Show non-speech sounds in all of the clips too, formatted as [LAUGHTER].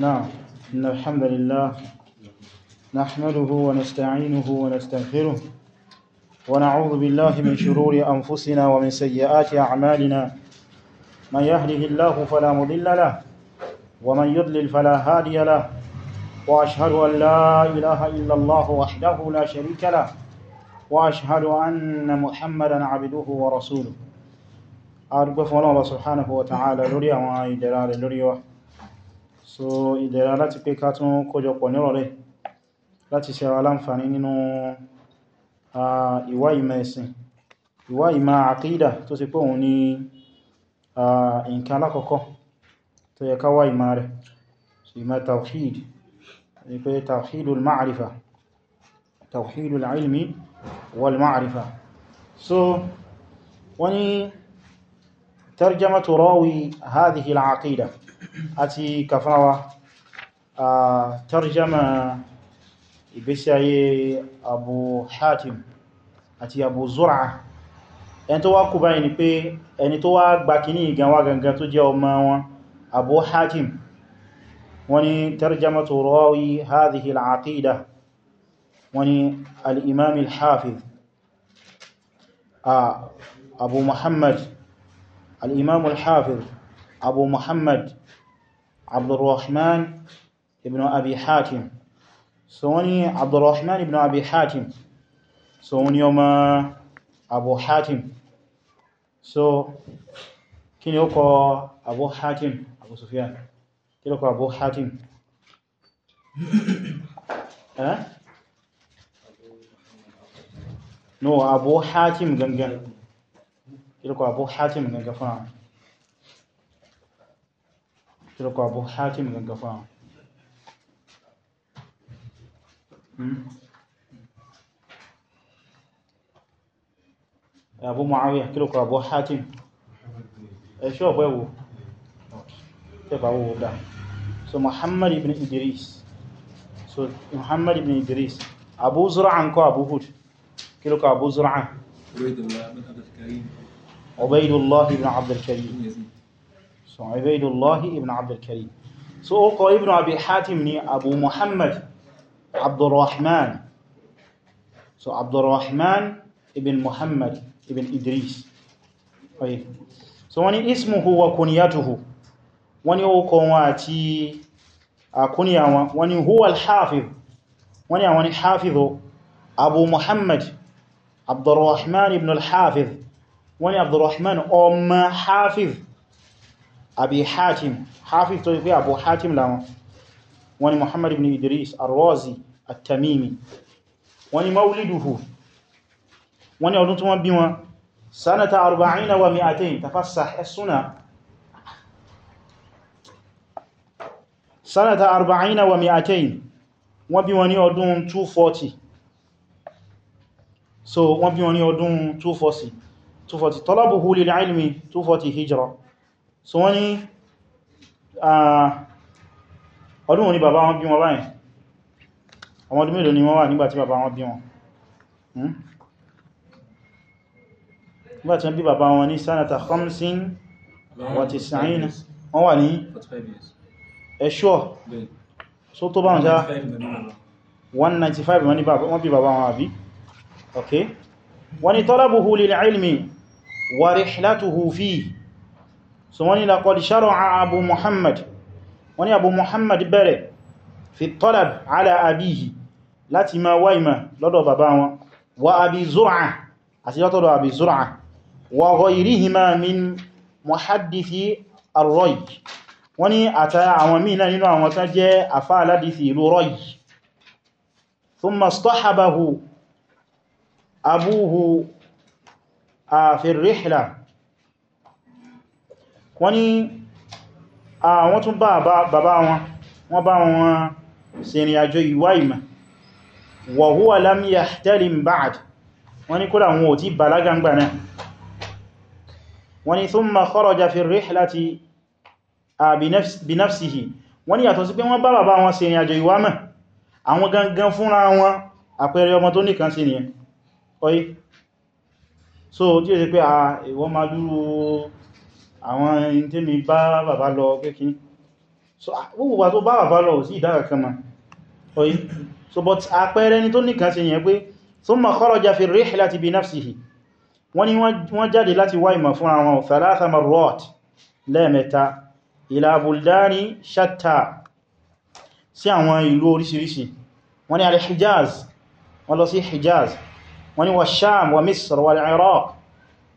نعم إن الحمد لله نحمده ونستعينه ونستغفره ونعوذ بالله من شرور أنفسنا ومن سيئات أعمالنا من يهده الله فلا مضل له ومن يضلل فلا هادي له وأشهد أن لا إله إلا الله وحده لا شريك له وأشهد أن محمدا عبده ورسوله أرجو فلان الله سبحانه وتعالى لوري وعيد وعيد so ìdẹ̀ra láti pé ká tún kójọpọ̀ nírọ̀lẹ́ láti ṣe ara láǹfàní nínú ìwá ìmọ̀ ẹ̀sìn ìwá ìmọ̀ àkídà tó sì pé òun ni nǹkan alákọ̀ọ́kọ́ tó yẹ ká wá ìmọ̀ rẹ̀ ìmọ̀ tawhid ni pé tawhidul ma'arifa so wani tarjamatu rawi hadhihi al àti kàfáwa a tarjama ìgbésí ayé Abu Hatim àti Abu Zur'a ẹni tó wá kú báyìí ni pé ẹni tó wá gbà kíní ìganwà gangan tó jẹ́ ọmọ wọn Abu Hatim wọ́n ní tarjamatu rawi hadhihi al wọ́n ní al-imam al abu muhammad al-imam abu muhammad عبد الرحمن ابن أبي حاتم سوني عبد الرحمن ابن أبي حاتم سوني يوم أبو حاتم سو كين يوقع أبو حاتم أبو سفيان كين يوقع أبو حاتم [COUGHS] ها أه؟ نو أبو حاتم جنجن كين يوقع أبو حاتم جنجن فنعم تلقى أبو حاتم القفاء أبو معاوية كلك أبو حاتم إيه، شو أبو أبو تبا أبو ده so محمد بن إدريس so محمد بن إدريس أبو زرع كو أبو هود كلك أبو زرع عبيد الله بن عبد الكريم عبيد الله بن عبد الكريم so Ubaydullah ibn Abdul Karim so ó Ibn Abi Hatim ní Abu Muhammad Abdul Rahman. so Abdul Rahman ibn Muhammad ibn Idris oye so wani ismuhu wa kunyatuhu wani ó kọ wọn àti àkúnyà wọn wani huwa al-hafiz wani àwọn ni hafizo Abu Muhammad Abdurrahman ibn al-hafiz wani Abdurrahman ọmọ hafiz abi hatim hafiz tó pé abu hatim láwọn wọ́n ní muhammad ibn idris arrozi at-tamimi wọ́n ní mauliduhu wọ́n ní ọdún tí wọ́n bí wọn sanata 40 wa mi'atayn tafassah as-suna sanata 40 wa mi'atayn wọ́n bí wọn ní ọdún 240 so wọ́n bí wọn ní ọdún 240 240 talabuhu lil ilmi 240 hijra so wọ́n ní ọdún wọn ni bàbá wọn bí wọn báyìí ọmọ ọdún mélòó ni wọ́n wà nígbàtí bàbá wọn bí wọn hmm? nígbàtí wọ́n bí bàbá wọn ní sanata khamsin wa tis'ina wọ́n wà ní ẹ̀ṣọ́ so tó bá wọn já 195 wọ́n bí bàbá wọn àbí ok wọ́n ni talabuhu ilmi wa rihlatuhu fihi so wọ́n ni laqad shara'a abu muhammad wọ́n ni abu muhammad bẹ̀rẹ̀ fi talab ala abihi láti ma wá ìmọ̀ lọ́dọ̀ bàbá wọn wa abi zur'a àti lọ́tọ̀dọ̀ abi zur'a wa ghayrihima min muhaddithi ar-ra'y wọ́n ni àtà àwọn mìíràn nínú àwọn tán jẹ́ àfá aládìsì ìlú ra'y thumma istahabahu wọ́n ní àwọn tún bá bàbá wọn wọ́n bá wọn sìnrìn àjò ìwá ìmọ̀ wa huwa lam yahtalim ba'd wọ́n ní kódà wọn ò tí bàlágà ńgbà náà wọ́n ní thumma kharaja fi rihlati bi nafsihi wọ́n ní yàtọ̀ sí pé wọ́n bá bàbá wọn sìnrìn àjò ìwá mọ̀ àwọn gangan so tí ó sì pé à máa dúró àwọn in tí mi bá bàbá lọ kékí so gbogbo wà tó bá bàbá lọ sí ìdára kan ma oyi so but àpẹẹrẹ ni tó nìkan ṣe yẹn pé thumma kharaja fi rihlati bi nafsihi wọ́n ni wọ́n jáde láti wá ìmọ̀ fún àwọn thalatha marrat lẹ́ẹ̀mẹ́ta ila buldani shatta sí àwọn ìlú oríṣiríṣi wọ́n ni al-Hijaz wọ́n lọ sí Hijaz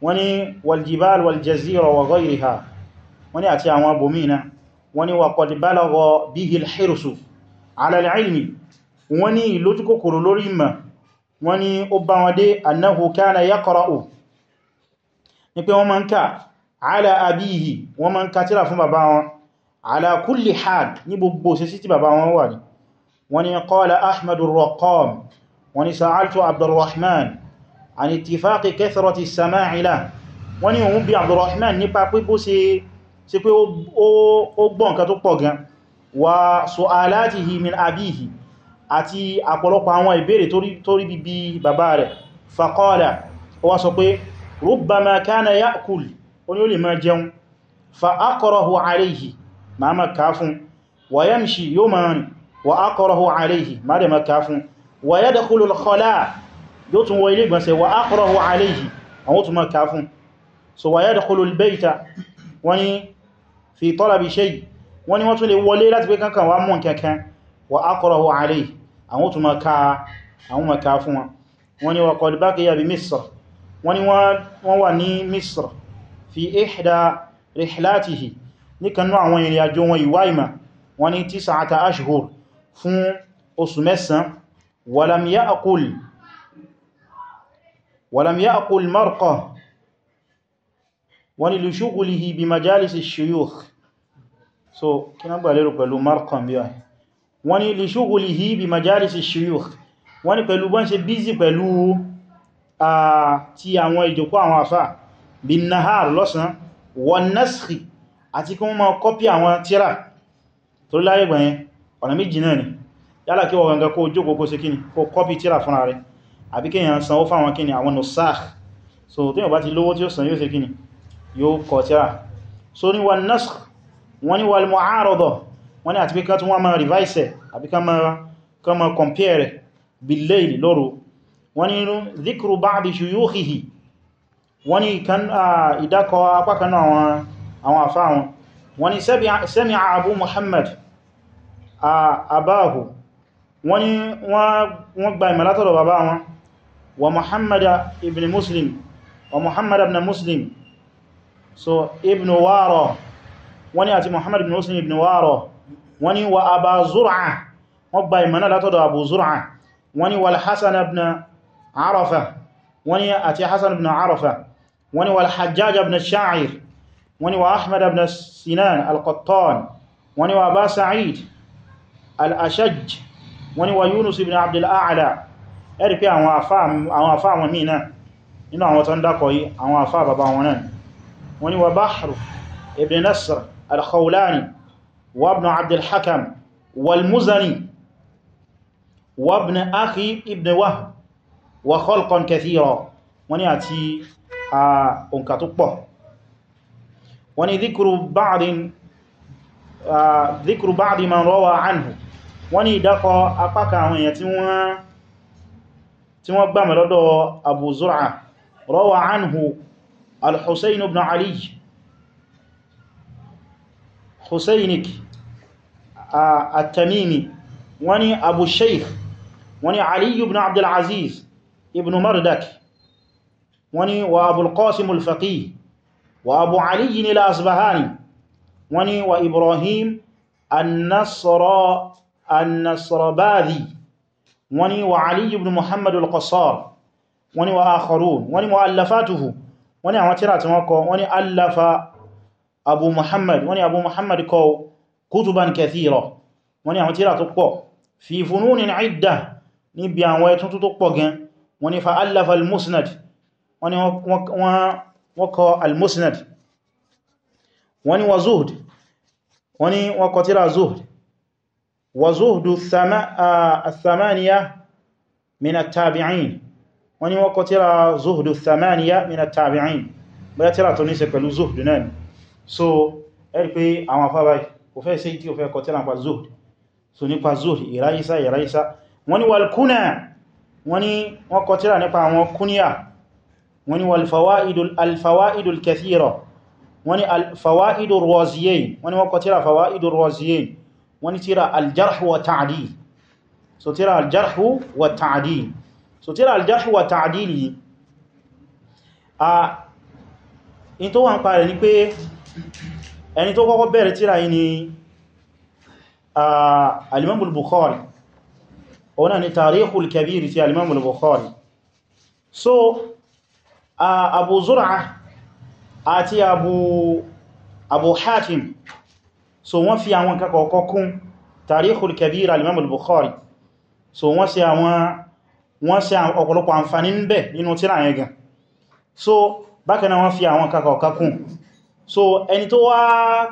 wọ́n ní waljibal waljazira wa ghayriha wọ́n ní àti àwọn abòmínà wọ́n ní wa qad balagha bihi al-hirsu ala al-ilmi wọ́n ní ìlójúkòkòrò lórí ìmọ̀ wọ́n ní ó bá wọn dé annahu kana yaqra'u ní pé wọ́n ma ń ká ala abihi wọ́n ma ń ká tíra fún bàbá wọn ala kulli had ní gbogbo sí sí tí bàbá wọn wà ní wọ́n ní qala ahmadu raqam wọ́n ní sa'altu abdurrahman عن اتفاق كثرة السماع له wọ́n ní òun bí Abdurrahman nípa pé bó ṣe ṣe pé ó gbọ́ nǹkan tó pọ̀ gan wa su'alatihi min abihi àti àpọ̀lọpọ̀ àwọn ìbéèrè tó rí bíbí bàbá rẹ̀ faqala ó wá sọ pé rubbama kana ya'kul ó ní ó lè máa fa aqrahu alayhi ma ma ká wa yamshi yóò wa aqrahu alayhi ma dẹ̀ ma ká wa yadkhulu al-khala' yóò tún wọ ilé ìgbọ̀nsẹ̀ wa aqrahu alayhi àwọn tún máa ká fún so wa yadkhulu al-bayta wọ́n ni fi talabi shay wọ́n ni wọ́n tún lè wọlé láti pé kankan wá mún kankan wa aqrahu alayhi àwọn tún máa ká àwọn máa ká fún wọn wọ́n ni wa qad baqiya bi wà ní ولم يأقل مرقى ولشغله بمجالس الشيوخ so kina gba lérò pẹ̀lú markan bí i wọ́n ní lè ṣúgbòlì hì bí majalisi shuyukh wọ́n ní pẹ̀lú bọ́n ṣe bízi pẹ̀lú ti àwọn ìjòkó àwọn afá bí nahar lọ́sàn wọ́n naskhi àti kí wọ́n máa kọ́pí àwọn tíra tó láyé gbẹ̀yẹn ọ̀nà méjì náà ni yálà kí wọ́n gangan kó jókòó kó ṣe kíni kó kọ́pí tíra fúnra àbí kíyàn sanwó fáwọn kíni àwọn nusakh so tí yàn bá ti lówó tí ó san yóò ṣe kíni yóò kọ tíra so ní wal nasakh wọ́n ní wal mu'arada wọ́n ní àti pé tún wọ́n máa revise àbí ká máa compare bil layl lóru wọ́n ní dhikru ba'di shuyukhihi wọ́n ní ìdákọ̀ apákanú àwọn àfá wọn wọ́n abu muhammad abahu wọ́n ní wọ́n gba ìmọ̀látọ̀rọ̀ bàbá wọn ومحمد ابن مسلم ومحمد ابن مسلم so ابن وارا وني أتي محمد بن مسلم ابن وارا وني وأبا زرعة وبا إمنا لا تدى أبو زرعة وني والحسن ابن عرفة وني أتي حسن ابن عرفة وني والحجاج ابن الشاعر وني وأحمد ابن سنان القطان وني وأبا سعيد الأشج وني ويونس ابن عبد الأعلى ẹ̀rì pé àwọn àfá àwọn míì náà nínú àwọn tó ń dákọ̀ yí àwọn àfá bàbá wọn náà wọ́n ni wa bahru ibn nasr al-khawlani wa ibn abdul hakam wal muzani wa ibn akhi ibn wọ́n ni àti òǹkà tó pọ̀ wọ́n ni dhikru ba'di man rawa anhu wọ́n ni ìdákọ̀ apákà àwọn èèyàn tí wọ́n tí wọ́n gbà mẹ́ lọ́dọ̀ Abu Zur'a rawa anhu al-Husayn ibn Ali Husaynik at-Tamimi wọ́n ní Abu Shaykh wọ́n ní Ali ibn Abdul Aziz ibn Mardak wọ́n ní wa Abu al-Qasim al-Faqih wa Abu Ali al-Asbahani wọ́n ní wa Ibrahim an-Nasrabadhi wọ́n ni wa Ali ibn Muhammad al-Qassar wọ́n ni wa akharun wọ́n ni mu'allafatuhu wọ́n ni àwọn tírà tí wọ́n kọ wọ́n ni allafa abu Muhammad wọ́n ni abu Muhammad kọ kutuban kathira wọ́n ni àwọn tírà tó pọ̀ fi fununin idda níbi àwọn ẹ̀tún tó pọ̀ gan wọ́n fa allafa al-musnad wọ́n ni al-musnad wọ́n wa zuhd wọ́n ni wọ́n وزهد الثمانية من التابعين وني وقتل زهد الثمانية من التابعين bóyá tíra tó ní ṣe pẹ̀lú zuhd náà ni so ẹ̀rí pé àwọn afábáyì kò fẹ́ sí tí ó fẹ́ kọ tíra nípa zuhd so nípa zuhd ìráyísá ìráyísá wọ́n ní tíra aljarhu wa ta'adil so tíra aljarhu wa ta'adil so tíra aljarhu wa ta'adil yìí a in tó wà ń parẹ̀ ní pé ẹni tó kọ́kọ́ bẹ̀rẹ̀ tíra yìí ni alimamul bukhari ọ̀nà ni tarihul kabir ti alimamul bukhari so abu zur'a àti abu abu hatim so wọ́n fi àwọn nǹkan kọ̀ọ̀kọ́ kún tarikhul kabira al-imam al-bukhari so wọ́n ṣe àwọn wọ́n ṣe ọ̀pọ̀lọpọ̀ àǹfàní ń bẹ nínú tírà yẹn gan so bákan náà wọ́n fi àwọn nǹkan kọ̀ọ̀kan kún so ẹni tó wá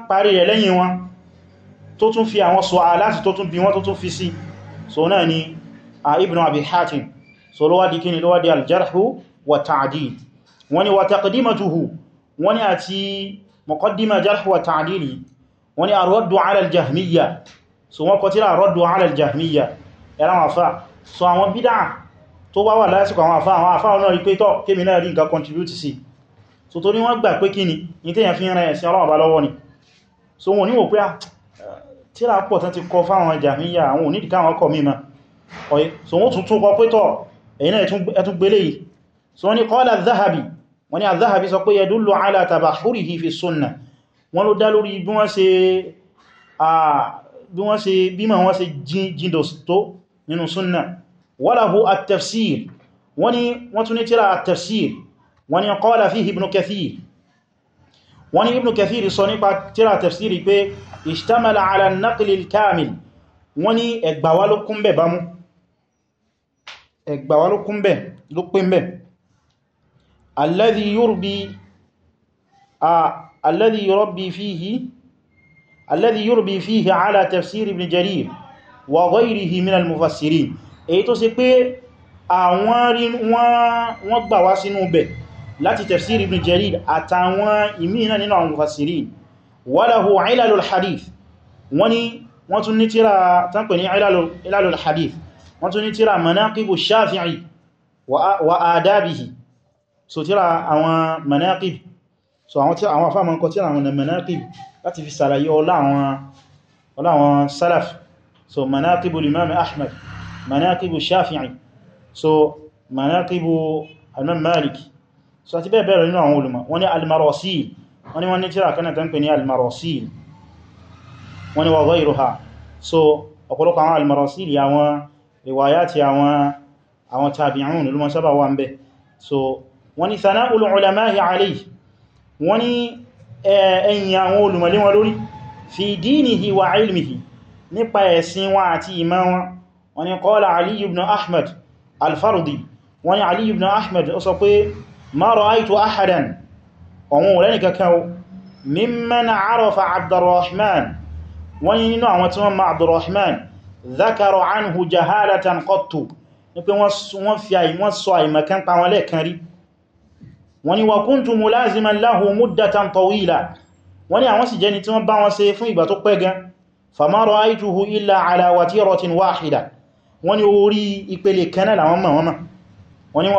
parí rẹ̀ lẹ́yìn wọn tó tún fi àwọn su'alati tó tún bí wọ́n tó tún fi sí so náà ni a ibn abi hatim so ló wá di kíni ló wá di aljarhu wa ta'dil wọ́n wa taqdimatuhu wọ́n ni muqaddima jarhu wa ta'dili wọ́n ni ar-raddu ala al-jahmiyya so wọ́n kọ tí ar-raddu ala al-jahmiyya ẹ̀rọ àwọn afá so àwọn bídá tó wá wà lásìkò àwọn afá àwọn afá ọ̀nà rí pé tọ́ kémi náà rí nǹkan contribute sí so tó ní wọ́n gbà pé kí ni ní tẹ́yàn fi rẹ̀ sí ọlọ́wọ́ bá lọ́wọ́ ni so wọ́n níwò pé à ah, tíra pọ̀ tán ti kọ fáwọn wọ́n ló dá lórí bí wọ́n ṣe bí wọ́n ṣe bí ma wọ́n ṣe jíndò tó nínú súnnà walahu at-tafsir wọ́n ni wọ́n tún ní tíra at-tafsir wọ́n ni qala fihi ibn kathir wọ́n ni ibn kathir sọ nípa tíra tafsir pé ishtamala ala naqli kamil wọ́n ni ẹgbàwá الذي يربي فيه الذي يربي فيه على تفسير ابن جرير وغيره من المفسرين èyí tó ṣe pé àwọn rí wọ́n gbà wá sínú bẹ̀ láti tafsir ibn jarir àtàwọn ìmìnà nínú àwọn mufassirin walahu ilalul hadith wọ́n ni wọ́n tún ní tíra tánpẹ̀ ní ilalul hadith wọ́n tún ní tíra manaqibu shafi'i wa adabihi so tíra àwọn manaqibu so àwọn tí àwọn afáàmọ́ nǹkan tí àwọn na manaqib láti fi sàlàyé ọlá àwọn salaf so manaqibu limami ahmad manaqibu shafi'i so manaqibu imam so àti bẹ́ẹ̀ bẹ́ẹ̀ nínú àwọn olùmọ̀ wọ́n ní al-marasil wọ́n ní wọ́n ní tíra kan tán pè ní al-marasil wọ́n ní wa ghayruha so ọ̀pọ̀lọpọ̀ àwọn al-marasil àwọn riwayati àwọn àwọn tabi'un so wọ́n ní sana'ul ulama'i alayhi wọ́n ní ẹ̀yìn àwọn olùmọ̀lé wọn lórí fi dinihi wa ilmihi nípa ẹ̀sìn wọn àti ìmọ̀ wọn wọ́n ní qala Ali ibn Ahmad al-Fardi wọ́n ní Ali ibn Ahmad ó sọ pé ma ra'aytu ahadan ọ̀wọ́n rẹ̀ ní nínú àwọn wọ́n ni wa kuntu mulaziman lahu muddatan tawila wọ́n ni àwọn sì jẹ́ ni tí wọ́n bá wọn ṣe fún ìgbà tó pẹ́ gan fama ra'aytuhu illa ala watiratin wahida wọ́n ni orí ìpele kanáà làwọn mọ̀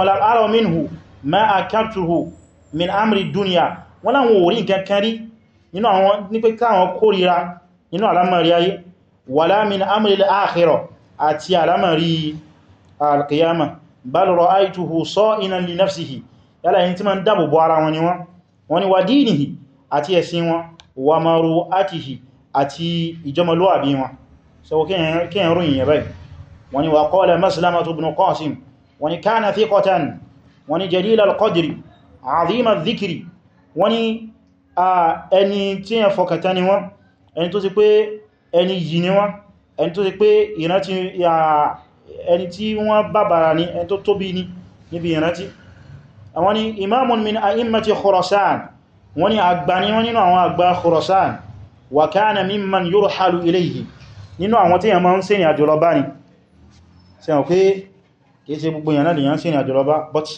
wọ́n yálà yìí tí ma ń dáàbò bo ara wọn ni wọ́n wọ́n ni wà dínìhì àti ẹ̀sìn wọn wà maru àtìhì àti ìjọmọlúwàbí wọn so kíyàn ròyìn yẹ báyìí wọ́n ni wà qala Maslamatu ibn Qasim wọ́n ni kana thiqatan wọ́n ni jalila al-qadri azima al-dhikri wọ́n ni ni níbi ìrántí àwọn ni imamun min a'immati khurasan wọ́n ni àgbà ni wọ́n nínú àwọn àgbà khurasan wa kana mimman yurhalu ilayhi nínú àwọn tí yàn máa ń ṣe ní àjò lọ́bá ni ṣe hàn pé kìí ṣe gbogbo yàn náà lè yàn ṣe ní àjò lọ́bá but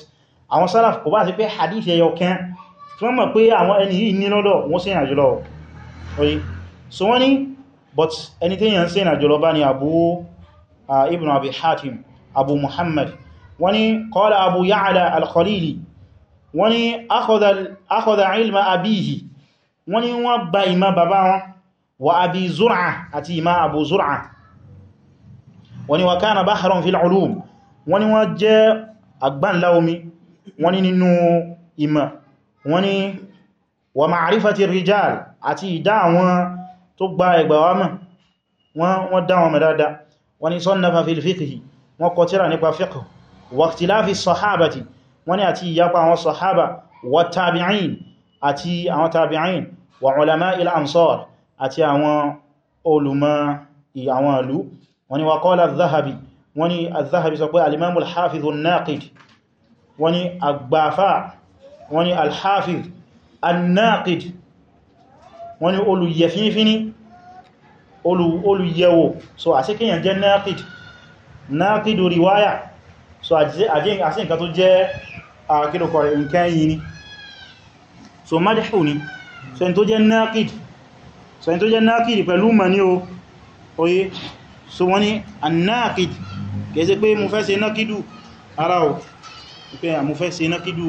àwọn salaf kò bá sí pé hadith ẹyọ kẹ́ tí wọ́n mọ̀ so wọ́n but ẹni tí yàn ṣe ní àjò lọ́bá ni abu ah, wani qala abu ya'la al-khalili wani akhadha ilma abihi wani wọ́n gba ìmá bàbá wọn wa abi zur'a àti ìmá abu zur'a wani wa kana bahran fil ulum wani wọ́n jẹ́ àgbànlá omi wani nínú ìmá wani wa ma'rifati rijal àti ìdá àwọn tó gba ẹgbàwà mọ̀ wọ́n dá mẹ́dáadáa wani sannafa fil fiqhi wọ́n kọ tírà nípa fiqh wàktíláfi sọ̀hábàtì wọ́n ni àti ìyapa àwọn sọ̀hábà wà tàbí'in àti àwọn tàbí'in wà ulama il amsar àti àwọn olùmọ̀ àwọn ìlú wọ́n ni wàkọ́lá zahabi wọ́n ni zahabi sọ pé alimamu alhafiz naqid wọ́n ni agbafa wọ́n ni alhafiz annaqid wọ́n ni olùyẹfífíní olùyẹwò so àsíkíyàn jẹ́ naqid naqidu riwaya so àti nǹkan tó jẹ́ àkílòkọ̀ rẹ̀ nǹkan yìí ni so madihu ni so ẹni tó jẹ́ naqid so ẹni tó jẹ́ naqid pẹ̀lú ma ní o oye so wọ́n ni annaqid kẹsẹ pé mo fẹ́ ṣe nákidu ara o pé mo fẹ́ ṣe nákidu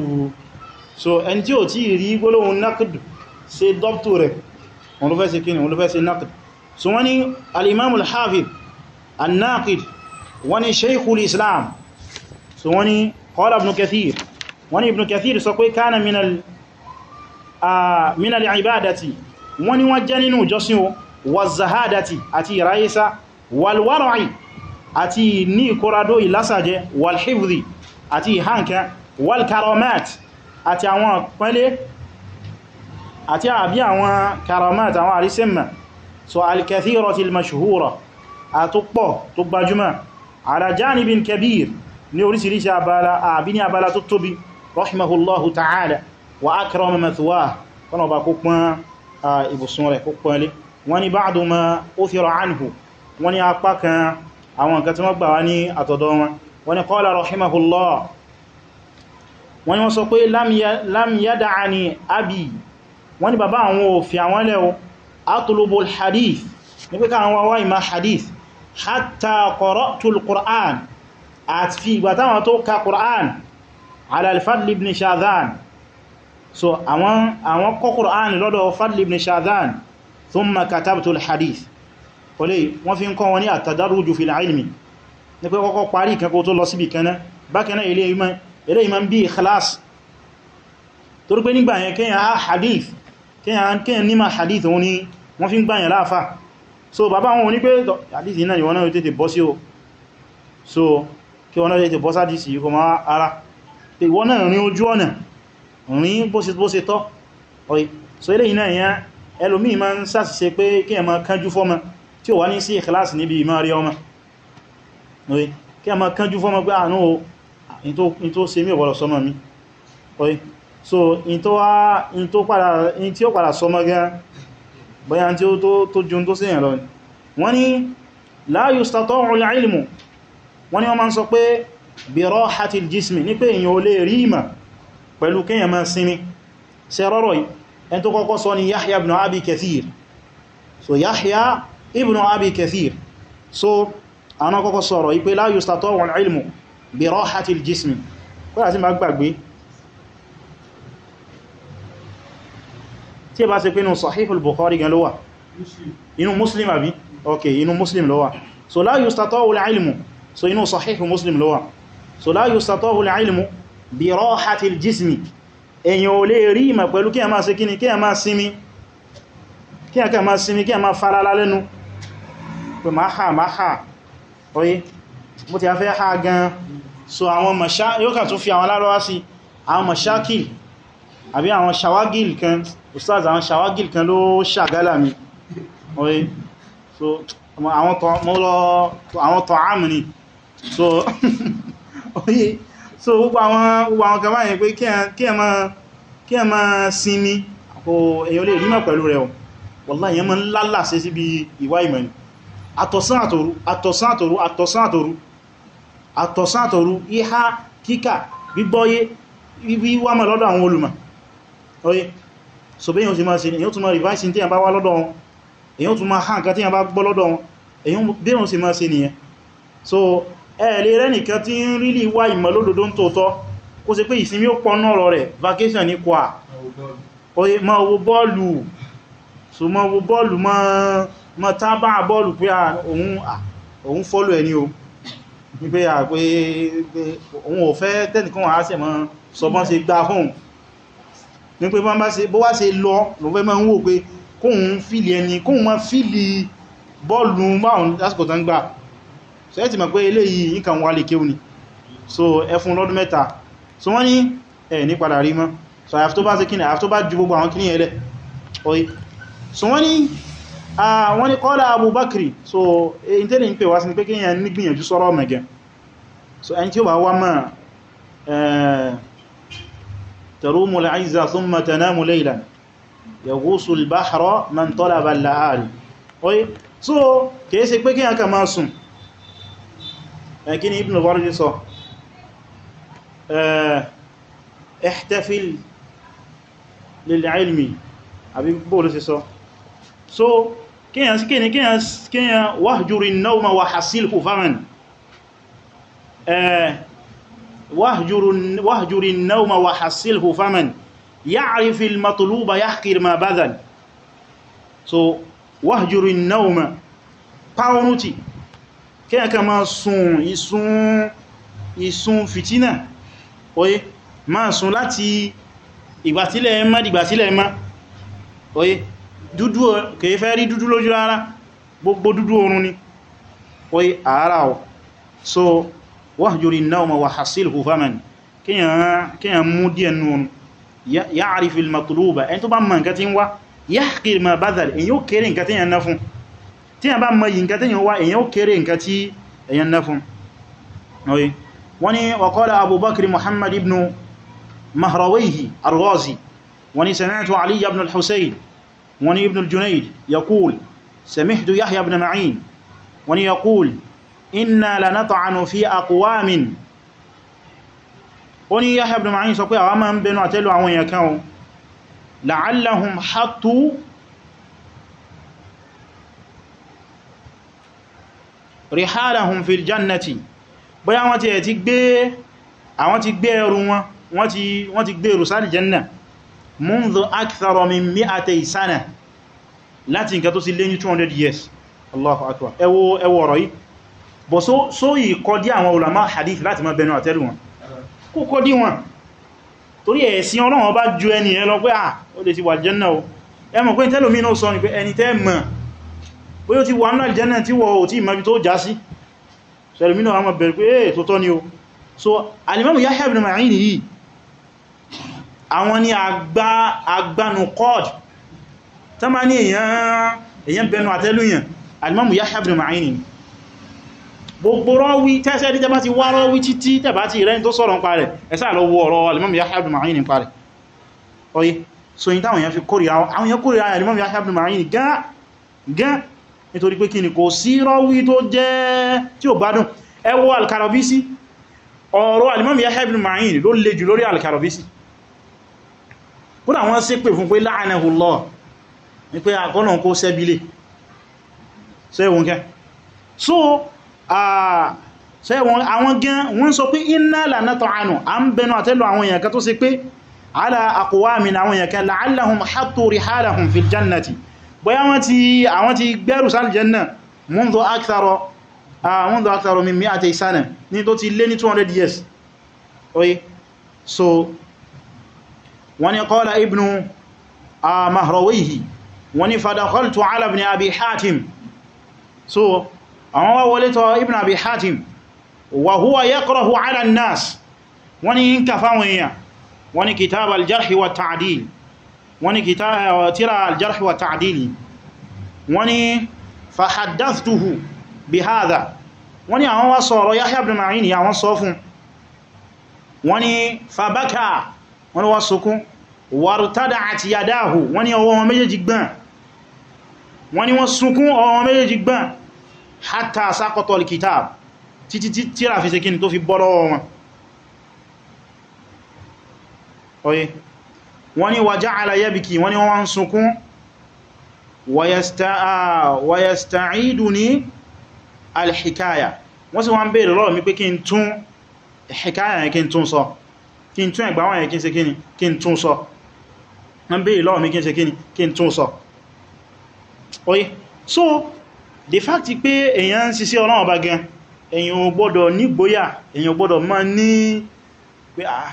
so ẹni tí ò tí rí gbólóhùn nákidu ṣe dọ́pù rẹ̀ wọ́n ló fẹ́ ṣe kíni so wọ́n ni qala ibn kathir wọ́n ni ibn kathir sọ pé kana minal minal ibadati wọ́n ni wọ́n jẹ́ nínú ìjọsìn o wàzàhádàtì àti ìráyísá wàlwàrọ̀ì àti ní ìkóradó ìlásàjẹ wàlhìfdì àti ìhánkẹ wàlkaromat àti àwọn pẹ́lẹ́ àti àbí àwọn karomat àwọn àrísẹ́mà so alkathirati almashhura àtúpọ̀ tó gbajúmọ̀ ala kabir ní orísìírísìí abala àbí ní abala tó tóbi rahimahullahu ta'ala wa akrama mathwah kọ́nà ọba kó pọ́n ibùsùn rẹ̀ kó pọ́nlé wọ́n ni ba'du ma uthira anhu wọ́n ni apá kan àwọn nǹkan tí wọ́n gbà wá ní àtọ̀dọ̀ wọn wọ́n ni qala rahimahullah wọ́n ni wọ́n sọ pé lam yada'ani àti ìgbà táwọn tó ka Qur'an ala al ibn Shadhan so àwọn àwọn kọ́ Qur'an lọ́dọ̀ Fadl ibn Shadhan thumma katabtu al-hadith olè wọ́n fi ń kọ́ wọn ní at-tadarruj fil ilmi ní pé kọ́kọ́ parí ìkẹ́kọ́ tó lọ síbì kaná bákaná ilé ìmọ̀ bí ikhlas torí pé nígbà yẹn kíyàn á hadith kíyàn níma hadith wọn ni wọ́n fi ń gbáyàn láàfà so bàbá wọn ní pé hadith náà ni wọ́n náà tètè bọ́ sí o so kí wọ́n náà bọ́ sáàdì sí ikọ̀ máa ara pé wọ́n náà rin ojú ọ̀nà rin bó ṣe tọ́ ọ̀yí so ilé iná ìyá ẹlòmí ma ń sàṣìṣe pé kí ẹ ma kánjú fọ́mọ tí ó wá ní sí ìkìláàsì níbi ìmọ̀ rí ọmọ ọ̀yí kí ẹ ma kánjú fọ́mọ pé àánú o in tó ṣe mí ọ̀bọ̀lọ̀ sọmọ mi ọ̀yí so in tí wọ́n ní wọ́n máa ń sọ pé bi rahatil jismi ní pé èyàn ò lè rí ìmà pẹ̀lú kíyàn máa sinmi ṣe rọ́rọ̀ ẹn tó kọ́kọ́ sọ ni Yahya ibn Abi Kathir so Yahya ibn Abi Kathir so àwọn kọ́kọ́ sọ̀rọ̀ ipé la yustata'u al-ilmu bi rahatil jismi kọ́lá so la yustata'u al-ilmu so inú sahihu muslim ló so la yustatahu al-ilmu bi rahati al-jismi èyàn ò lè rí ìmọ̀ pẹ̀lú kí a máa ṣe kíni kí a máa sinmi kí a máa sinmi kí a máa farala lẹ́nu pẹ̀ máa ha máa ha oye mo ti a fẹ́ ha gan so àwọn mọ̀ṣá yóò kà tún fi àwọn alárọ́wá sí àwọn mọ̀ṣákìl àbí àwọn ṣàwágìl kan ustaz àwọn ṣàwágìl kan ló ṣàgálà mi oye so àwọn tọ́ àmì ni so [LAUGHS] oye so gbogbo àwọn kẹwàá yẹn pé kí a máa sinmi kò èyàn lè rí pẹ̀lú rẹ̀ o wọ́lá yẹn máa ń lálà síbi ìwà ni àtọ̀sán àtòru ihá kíkà bíbọ́yé wíwá mọ̀ lọ́dọ̀ àwọn olùmọ̀ oye so máa a ẹ̀ẹ̀lẹ̀ rẹ̀ nìkan tí ń rí lè wá ìmọ̀ lódodo ń tòótọ́ kó ṣe pé ìsinmi ó pọnú ọ̀rọ̀ rẹ̀ vacation ní kwà oye ma wo bọ́ọ̀lù so ma wo bọ́ọ̀lù ma tábà bọ́ọ̀lù pé òun fọ́lù ẹni o wípé à pé òun ò fẹ́ tẹ́nìkan wà á sẹ̀ mọ́ sọmọ́ ṣe gbá fóun ní pé bó wá ṣe lọ lọ́fẹ́ mọ́ ń wò pé kóhun fílì ẹni kóhun mọ́ fílì bọ́ọ̀lù báhùn lásìkò tán gbà so ẹ ti mọ̀ pé eléyìí yìí kan wà lè kéwù ni so ẹ fún lọ́dún mẹ́ta so wọ́n ní ẹ̀ ní padà rí mọ́ so àyàfi tó bá ṣe kíni àyàfi tó bá ju gbogbo àwọn kíni yẹn lẹ̀ so wọ́n ní wọ́n ní kọ́lá abubakri so in tẹ́lẹ̀ wá sí pé kíyàn ní sọ́rọ̀ mẹ́gẹ so kìí ṣe pé kíyàn kà máa sùn لكن ابن البرج صح آه، احتفل للعلم ابي بولس صح سو كان كان كان كان وهجر النوم وحصله فمن آه، وهجر وهجر النوم وحصله فمن يعرف المطلوب يحقر ما بذل سو وهجر النوم باونوتي kíyàn ká máa sun ìsun ìsun fìtínà oye máa sun láti ìgbàtílẹ̀ ẹmá dìgbàtílẹ̀ ẹmá oye dúdú kèé fẹ́ rí dúdú lójú rárá gbogbo dúdú oorun ni oye àárá o so wahjuri an-nawma wa hasilhu faman kíyàn mú díẹ̀ nú oorun ya'rifil matluba ẹni tó bá mọ̀ nǹkan tí tí yàn bá mọ̀ yí nǹkan tí yàn wá èyàn ó kéré nǹkan tí èyàn ná fún oye wani wakọ́lá abubakar muhammad ibn mahrawaihi arghazi wani sami'tu ali ibn al-husayn wani ibn al-junayd yaqul sami'tu yahya ibn ma'in wani yaqul inna la nat'anu fi aqwamin wani yahya ibn ma'in sọ rihalahum fil jannati bóyá wọ́n ti ẹ̀ ti gbé àwọn ti gbé ẹrù wọn wọ́n ti gbé ẹrù sáàlì janna mundhu akthara min mi'atay sana láti nǹkan tó sì lé ní 200 years Allahu akbar ẹwọ ẹwọ ọ̀rọ̀ yìí bọ̀ só yìí kọdí àwọn ulama hadith láti má bẹnu àtẹ́lù wọn kó kọdí wọn torí ẹ̀sìn Ọlọ́run bá ju ẹni ẹ lọ pé à ah, ó lè ti wà janna o ẹmọ̀ pé tẹ́lòmí náà sọ ni pé ẹni tẹ́ mọ̀ bóyá ti wà náà jẹ́nà tí wọ́n ò tí ìmọ̀bí tó já sí ṣẹlùmínà àwọn bẹ̀rẹ̀ pé èè eh, tó tọ́ ni o so alimamu Yahya ibn Ma'in yìí àwọn ni agbánu kọ́ọ̀dù tó má ní èyàn bẹnu àtẹ́lúyàn alimamu Yahya ibn Ma'in ni gbogbo rọ́wí tẹ́sẹ̀ tí tẹbá ti wá rọ́wí títí tẹbá ti rẹ́ tó sọ̀rọ̀ nípa rẹ̀ ẹ̀sà lọ wo so yí táwọn èyàn fi kórìíra àwọn èyàn kórìíra alimamu Yahya ibn Ma'in gan nítorí pé kíni kò sí rọ́wí tó jẹ́ tí ó gbádùn ẹ wo al-Karabisi ọ̀rọ̀ alimami Yahya ibn Ma'in ló le jù lórí al-Karabisi kódà wọ́n sí pè fún pé la'anahu Allah ní pé àkọ́nà kó sẹ́bílé sẹ́wọ̀n kẹ́ so sẹ́wọ̀n àwọn gan wọ́n bóyá wọ́n ti àwọn ti gbẹ́rù sáàlì jẹ́nà mọ́ndọ̀ aktharo min mi'ati sana ní tó ti lé ní 200 years oye so wọ́n ni qala ibnu mahrowaihi wọ́n ni fadakhaltu ala ibn abi hatim so wọ́n ni tíra aljarh wa ta'dili wọ́n ni fahaddathuhu bi hadha wọ́n ni àwọn wá sọ̀rọ̀ Yahya ibn Ma'in ni àwọn sọ fún wọ́n ni fabaka wọ́n ni wá sọkún wàrùtádà àti yàdáhù wọ́n ni ọwọ́ wọn méjèèjì gbọ́n wọ́n ni wọ́n sunkún alkitab títí tíra fi sekí ni fi bọ́rọ̀ wọn oye okay wọ́n ni wàjá alayẹ́bìkì wọ́n ni wọ́n sunkún wàyẹ̀stàídù ní alhikaya wọ́n sì wọ́n bèèrè lọ́rọ̀ mi pé kí n tún hikaya yẹn kí n tún sọ kí n tún ẹgbàwọ̀n yẹn kí n tún sọ wọ́n bèèrè lọ́rọ̀ mi kí n tún sọ oye so the fact pé èyàn ń sisí ọlọ́run ọba gan èyàn ò gbọ́dọ̀ nígbóyà èyàn gbọ́dọ̀ máa ní pé ah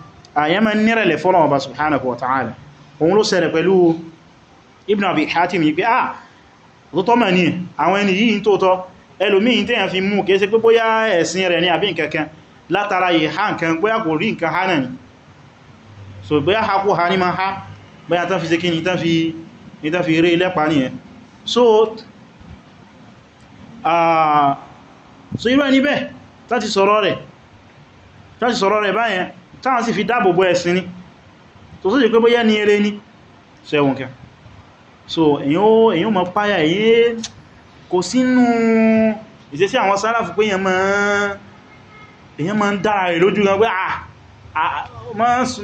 àyẹ́ ma le fọ́lọ̀wọ̀ bá subhanahu wa ta'ala oun ló ṣẹlẹ̀ pẹ̀lú ibn abi hatim yìí pé ah tótọ́ ma ní àwọn ẹni yìí Elu tótọ́ ẹlòmíyìn tẹ́yàn fi mú kéèsẹ́ pé bóyá ẹ̀sìn rẹ̀ ní àbí nkankan látara ìhá nkan ha na ni so ha ha n'i ma ha ta táwọn sì fi dáàbòbò ẹ̀sìn ni tó sì pé bóyá ní eré ní so ẹwùn kẹ so èyí o mọ̀ páyà èyí kò sínú ìṣesí àwọn sálàfù pé èyàn máa ń dára rẹ̀ lójú gan pé à ah, ah,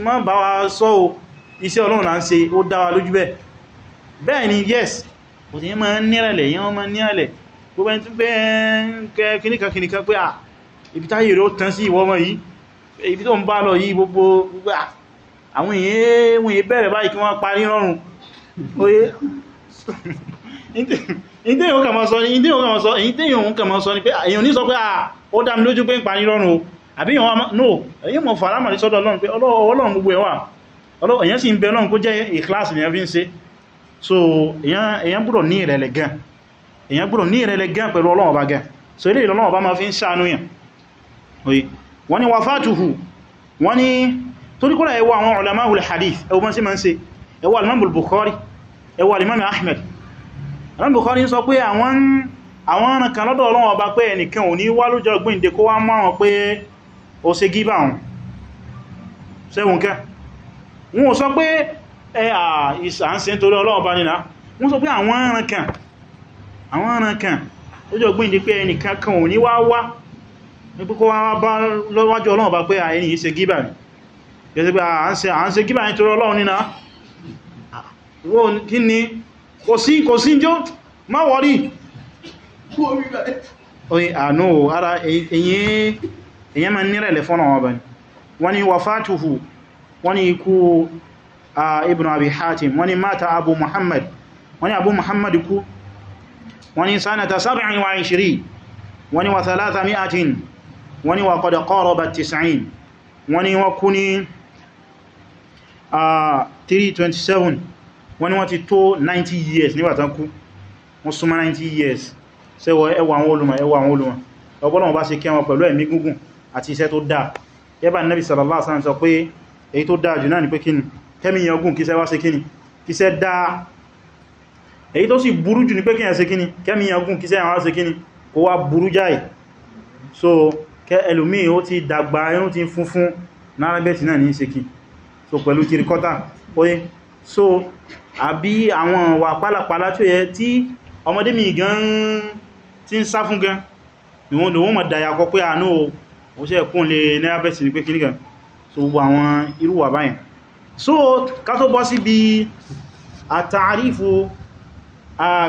má bá wa sọ o iṣẹ́ Ọlọ́run là ń ṣe ó dá wa lójú bẹ́ẹ̀ bẹ́ẹ̀ ni yes kò sí máa ń nírẹ̀lẹ̀ èyàn máa ń nírẹ̀lẹ̀ gbogbo ẹni tí pé kíníkà kíníkà pé à ah, ibi táyé rẹ̀ ó tán sí ìwọ́mọ̀ yìí ibi tó ń bá lọ yìí gbogbo àwọn èèyàn bẹ̀rẹ̀ báyìí kí wọ́n parí rọrùn oye ìdíyàn kàmọ́ sọ ní ìdíyàn kàmọ́ sọ ní pé èyàn ní sọ pé ó dá mi lójú pé ń parí rọrùn o àbí èyàn no èyàn mọ̀ fàrámà ní sọ́dọ̀ Ọlọ́run pé Ọlọ́run gbogbo ẹ̀wà èyàn sì ń bẹ Ọlọ́run kó jẹ́ ìkláàsì ní ẹbí ń ṣe so èyàn gbọ́dọ̀ ní ìrẹ̀lẹ̀ gan èyàn gbọ́dọ̀ ní ìrẹ̀lẹ̀ gan pẹ̀lú Ọlọ́run ọba gan so ilé ìrọ̀lọ́run ọba máa fi ń ṣàánú yàn wọ́n ni wafatuhu wọ́n ni torí kọ́lá ẹwà àwọn ulamahul hadith ẹwà mọ́ sí ma ń ṣe ẹwà alimamul bukhari ẹwà alimami ahmed alimam bukhari sọ pé àwọn àwọn kan lọ́dọ̀ Ọlọ́run ọba pé ẹnìkan ò ní wá lọ́jọ́ gbíǹde kó wá mọ́ àwọn pé ó ṣe gíbà wọn sẹ́wọ̀n kẹ́ wọn ò sọ pé ẹ àìsànṣẹ́ torí Ọlọ́run ọba nìna wọ́n wá ní pé kó wá bá lọ́wájú ọlọ́run bá pé àyẹni yìí ṣe gíbà ní gẹ́sẹ̀ pé à ń ṣe gíbà ní torí ọlọ́run nínà wó kí ni kò sí kò sí jọ má wọ́rí oye àánú ara èyí ma nírẹ̀lẹ̀ fọ́nà wọn bá ní wọ́n ni wafatuhu wọ́n ni ikú ibn abi hatim wọ́n ni mata abu muhammad wọ́n 27 wọ́n 300 wọ́n ni wà kọ́dà kọ́rọ̀bà 90 wọ́n ni wọ́n kú ní 327 ah, wọ́n ni wọ́n ti tó 90 years nígbàtán kú wọ́n súnmọ́ 90 years sẹ́wọ́ ẹwà àwọn olùmọ̀ ẹwà àwọn olùmọ̀ ọgbọ́lọ́wọ́ bá ṣe kí wọn pẹ̀lú ẹ̀mí gúngùn àti iṣẹ́ tó dáa yẹ́bà nẹ́bì sallallahu so kẹ ẹlòmí ó ti dàgbà irun ti funfun nárẹ́bẹ̀tì náà ní ṣekí so pẹ̀lú tirikọ́ta oye so àbí àwọn wà pálapàla tó yẹ tí ọmọdé mi gan ti ń sá fún gan ni wọ́n lòun mọ̀ dàyàkọ pé àánú ó kún lè nárẹ́bẹ̀tì ní pé so gbogbo àwọn irúwà báyìí so ká tó bọ́ sí bí àtàrífò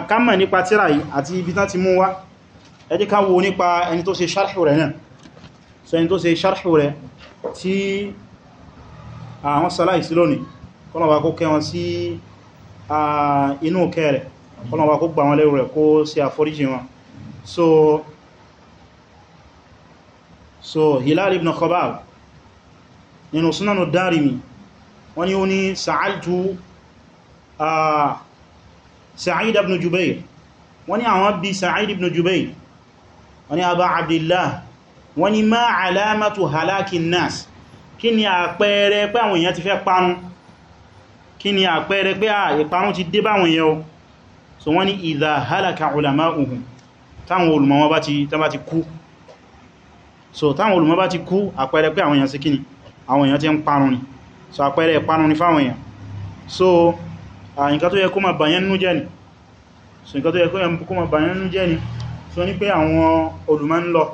ká mọ̀ nípa tírà yìí àti ibi tán ti mú wá ẹ jẹ́ ká so in tó ṣe ṣarhu rẹ̀ tí àwọn sàláìsí lónìí kọ́nàwà kó kẹ́ wọn sí inú kẹ́ rẹ̀ kọ́nàwà kó gbà wọn lẹ́rù rẹ̀ kó ṣe àforíjì wọn so so Hilal ibn Khabab nínú sunanu Darimi wọ́n ni ó ní sa'altu Sa'id ibn Jubayr wọ́n ni àwọn bí Sa'id ibn Jubayr wọ́n ni Aba Abdillah wọ́n ni máa alamatu halakin nas kí ni àpẹẹrẹ pé àwọn èèyàn ti fẹ́ parun kí ni àpẹẹrẹ pé à ah, ìparun ti dé báwọn èèyàn o so wọ́n ni idha halaka ulama'uhum táwọn olùmọ̀ bá ti táwọn olùmọ̀ bá ti kú àpẹẹrẹ pé àwọn èèyàn ti ń parun ni so àpẹẹrẹ ìparun ni fáwọn èèyàn so nǹkan tó yẹ kó ma bàyẹn nú jẹ́ ni so ní pé àwọn olùmọ̀ ń lọ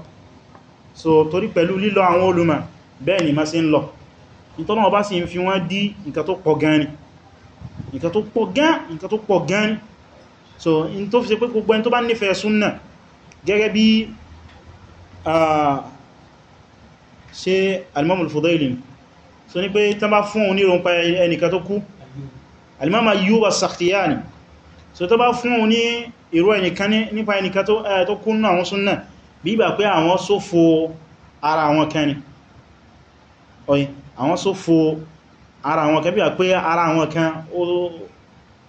so torí pẹ̀lú lílọ àwọn olùmọ̀ bẹ́ẹ̀ ni ma ṣe ń lọ nítorí wọ́n bá sì ń fi wọ́n dí nǹkan tó pọ̀ gan ni nǹkan tó pọ̀ gan nǹkan tó pọ̀ gan ni so in tó fi ṣe pé gbogbo ẹni tó bá nífẹ̀ẹ́ súnnà gẹ́gẹ́ bí ṣe alimamul Fudayli so ní pé tán bá fún òun ní rompa ẹnìkan tó kú alimama Ayyub so tó bá fún òun ní ìró ẹnìkan nípa ẹnìkan tó bíbà pé àwọn sófo ara àwọn kan ni ọ̀yí àwọn sófo ara àwọn kan bíbà pé ara àwọn kan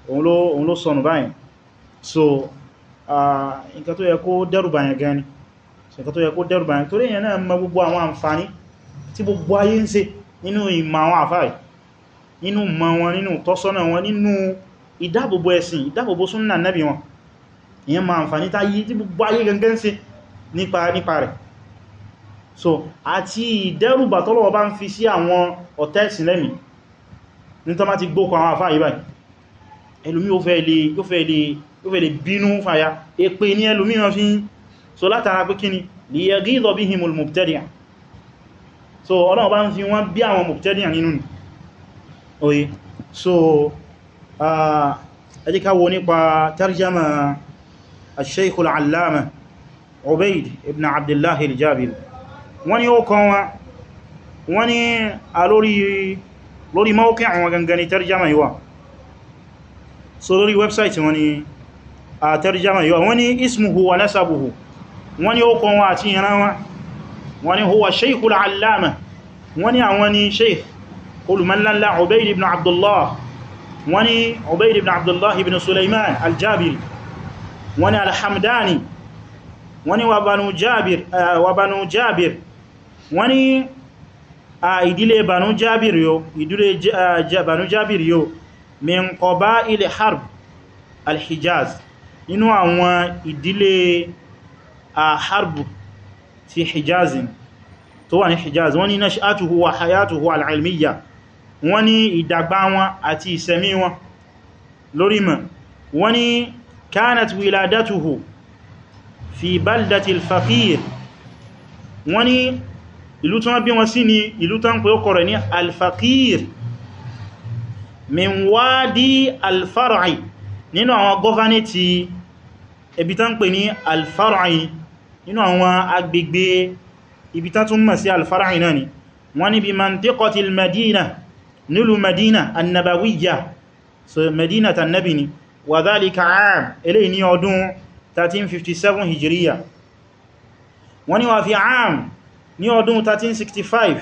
òun ló sọnù báyìí so nǹkan tó yẹ kó dẹ́rùbà yẹn gan ni nǹkan tó yẹ kó dẹ́rùbà yẹn torí yẹn náà mọ̀ gbogbo àwọn àǹfààní tí gbogbo ayé ń ṣe nínú ìmọ̀ àwọn àfáà nínú mọ̀ wọn nínú tọ́sọ́nà wọn nínú ìdáàbòbò ẹ̀sìn ìdáàbòbò súnnà nẹ́bì wọn ìyẹn ma àǹfààní táyé tí gbogbo ayé gangan ṣe nípa nípa rẹ̀ so àti ìdẹ́rùbà tọ́lọ́wọ́ bá ń fi sí àwọn ọ̀tẹ́ẹ̀sì lẹ́mì ní tọ́ má ti gbókọ àwọn àfáà yìí báyìí ẹlòmí ó fẹ́ lè bínú fàyà èpè ní ẹlòmí wọn fi ń so látara pé kíni liyaghiza bihimul mubtadi'a so ọlọ́wọ́ bá ń fi wọ́n bí ni oye so ah, ẹjíká Ubayd ibn Abdullah al-Jabir wọ́n ni ó kọ́ wọn wọ́n ni a lórí lórí mawqi' àwọn gangani tarjama yíwa so lórí website wọ́n ni a tarjama yíwa wọ́n ni ismuhu wa nasabuhu wọ́n ni ó kọ́ wọn àti ìran wọn wọ́n ni huwa shaykhul allama wọ́n ni àwọn ni shaykh olùmọ́lánlá Ubayd ibn Abdullah wọ́n ni Ubayd ibn Abdullah ibn Sulaiman al wọ́n ni al wọ́n ní wa banu jabir wọ́n ní a ìdílé banu jabir yóò ìdílé banu jabir yóò min qaba'il harb al-hijaz nínú àwọn ìdílé harb ti hijazin tó wà ní hijaz wọ́n ní nash'atuhu wa hayatuhu al-ilmiyya wọ́n ní ìdàgbà wọn àti ìsẹ̀mí wọn lórí mọ̀ wọ́n ní kanat wiladatuhu fi baldati al-faqir wọ́n ní ìlú tí wọ́n bí wọn sí ní ìlú tán pé ó kọ̀rọ̀ ní al-faqir min wadi al-far'i nínú àwọn gọ́fánẹ́tì ibi tán pè ní al-far'i nínú àwọn agbègbè ibi tán tún mọ̀ sí al-far'i ni wọ́n ní mantiqati al-madina madina annabawiyya so madina tannabi wa dhalika 'am eléyìí ní ọdún 1357 hijiriya wọ́n ní wà fi am ní ọdún 1365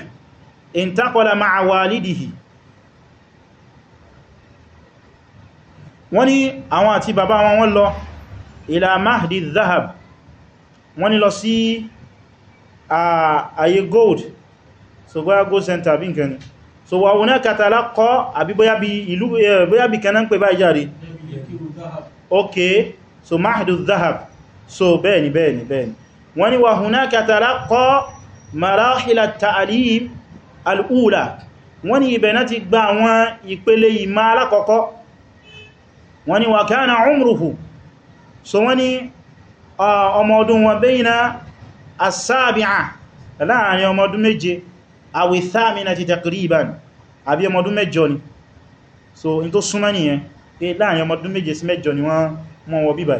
intaqala ma'a walidihi wọ́n ní àwọn àti bàbá wọn wọ́n lọ ila mahdi dhahab wọ́n ní lọ sí ààyè gold so bóyá gold center bí nkẹni so wà wọ́n náà talaqqa àbí bóyá bí ìlú eh, bóyá bí kanáà ń pè bá ìjáre okay so mahadu dhahab so bẹ́ẹ̀ni bẹ́ẹ̀ni bẹ́ẹ̀ni wọ́n ni wà hunaka talaqqa marahila ta'alim al'ula wọ́n ni ibẹ̀ náà ti gba àwọn ìpele ìmá alákọ̀ọ́kọ́ wọ́n ni wà kana umruhu so wọ́n ni ọmọ ọdún wọn bayna as-sabi'a láàrin ọmọ ọdún méje awi thaminati taqriban àbí ọmọ ọdún mẹ́jọ ni so in tó súnmọ́ nìyẹn láàrin ọmọ ọdún méje sí mẹ́jọ ni wọ́n wọn wọ bíbà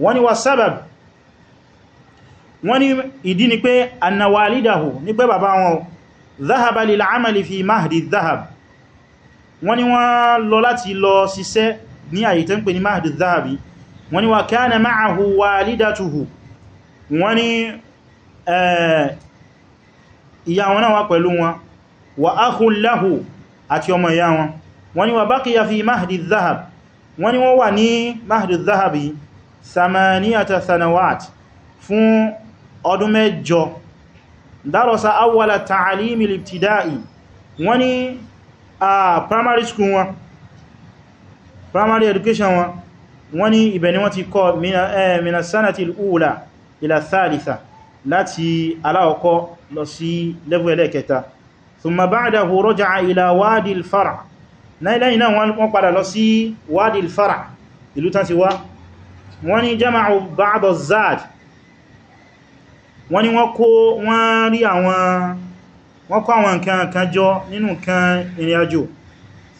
wọ́n ni wà sábàb wọ́n ni ìdí ni pé annawalidahu ní pé bàbá wọn zahaba lil amali fi mahdi zahab wọ́n ni wọ́n lọ láti lọ ṣiṣẹ́ ní àyè tẹ́ ń pè ní mahdi zahabi wọ́n ni wà kana ma'ahu walidatuhu wọ́n ni ìyá náà wà pẹ̀lú wọn wa akhun àti ọmọ ìyá wọ́n ni wà baqiya fi mahdi zahab wọ́n ní wọ́n wà ní mahadu zahabi samaniyata sanawat fún ọdún mẹ́jọ dárọsa awwala ta'alimi libtida'i wọ́n ní a primary school wọn primary education wọn wọ́n ní ibẹ̀ ni wọ́n ti kọ́ minasanati al'ula ila thalitha láti aláwọ̀kọ́ lọ sí level ẹlẹ́kẹta thumma ba'dahu raja'a ila wadi al lẹ́yìn náà wọ́n padà lọ sí wadi al-fara ìlú tán ti wá wọ́n ni jama'u ba'd az-zad wọ́n ni wọ́n kó wọ́n rí àwọn wọ́n kó àwọn nǹkan kan jọ nínú nǹkan ìrìnàjò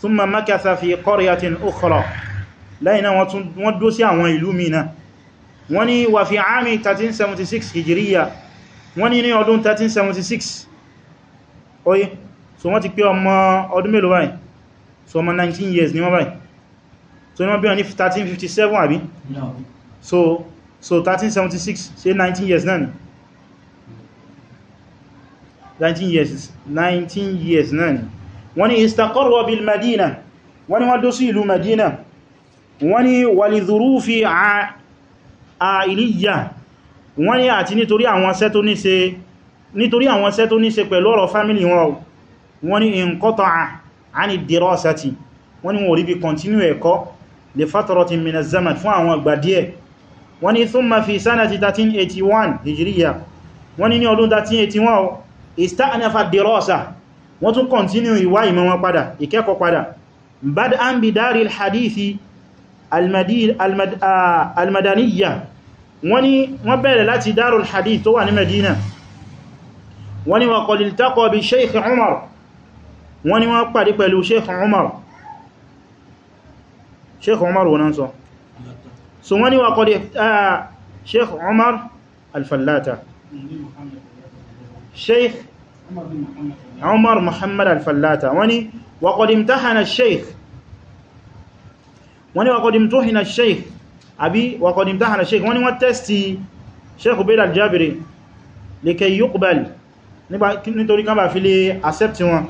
thumma makatha fi qaryatin ukhra lẹ́yìn náà wọ́n dó sí àwọn ìlú mìíràn wọ́n ni wà fi àmì 1376 hijiriya wọ́n ni ní ọdún 1376 oye so wọ́n ti pé ọmọ ọdún mélòó báyìí so ọmọ 19 years ni wọ́n báyìí so wọ́n bí wọ́n ní 1357 àbí so so 1376 Say 19 years náà ni 19 years 19 years náà ni wọ́n ní istaqarra bil madina wọ́n ní wọ́n dó sí ìlú madina wọ́n ní a àìlíyà wọ́n ní àti nítorí àwọn ṣẹ́ tó ní ṣe nítorí àwọn ṣẹ́ tó ní ṣe pẹ̀lú ọ̀rọ̀ fámílì wọn wọ́n ní inqata'a àní dirasati wọ́n ní wọ́n rí bí continue ẹ̀kọ́ lè fatratin min az-zaman fún àwọn ìgbà díẹ̀ thumma fi sanati 1381 hijriya wọ́n ní ní ọdún 1381 ista'nafa dirasa wọ́n tún continue ìwá ìmọ̀ wọn padà ìkẹ́kọ̀ọ́ padà bad'an bi daril hadithi almadaniya wọ́n ní wọ́n bẹ̀rẹ̀ láti darul hadith tó wà ní Madina wọ́n ní wa qad iltaqa bi Shaykh Umar wọ́n ní wọ́n pàdé pẹ̀lú sheikh umar sheikh umar wọ́n sọ so wọ́n ní wà kọ́ ah, sheikh umar alfallata sheikh umar muhammad alfallata wọ́n ní wà qad imtahana sheikh wọ́n ní wà qad imtahana sheikh àbí wà qad imtahana sheikh wọ́n ní wọ́n tẹ́stì sheikh ubayd aljabiri likay yuqbal nítorí kan bá fi lè accept wọn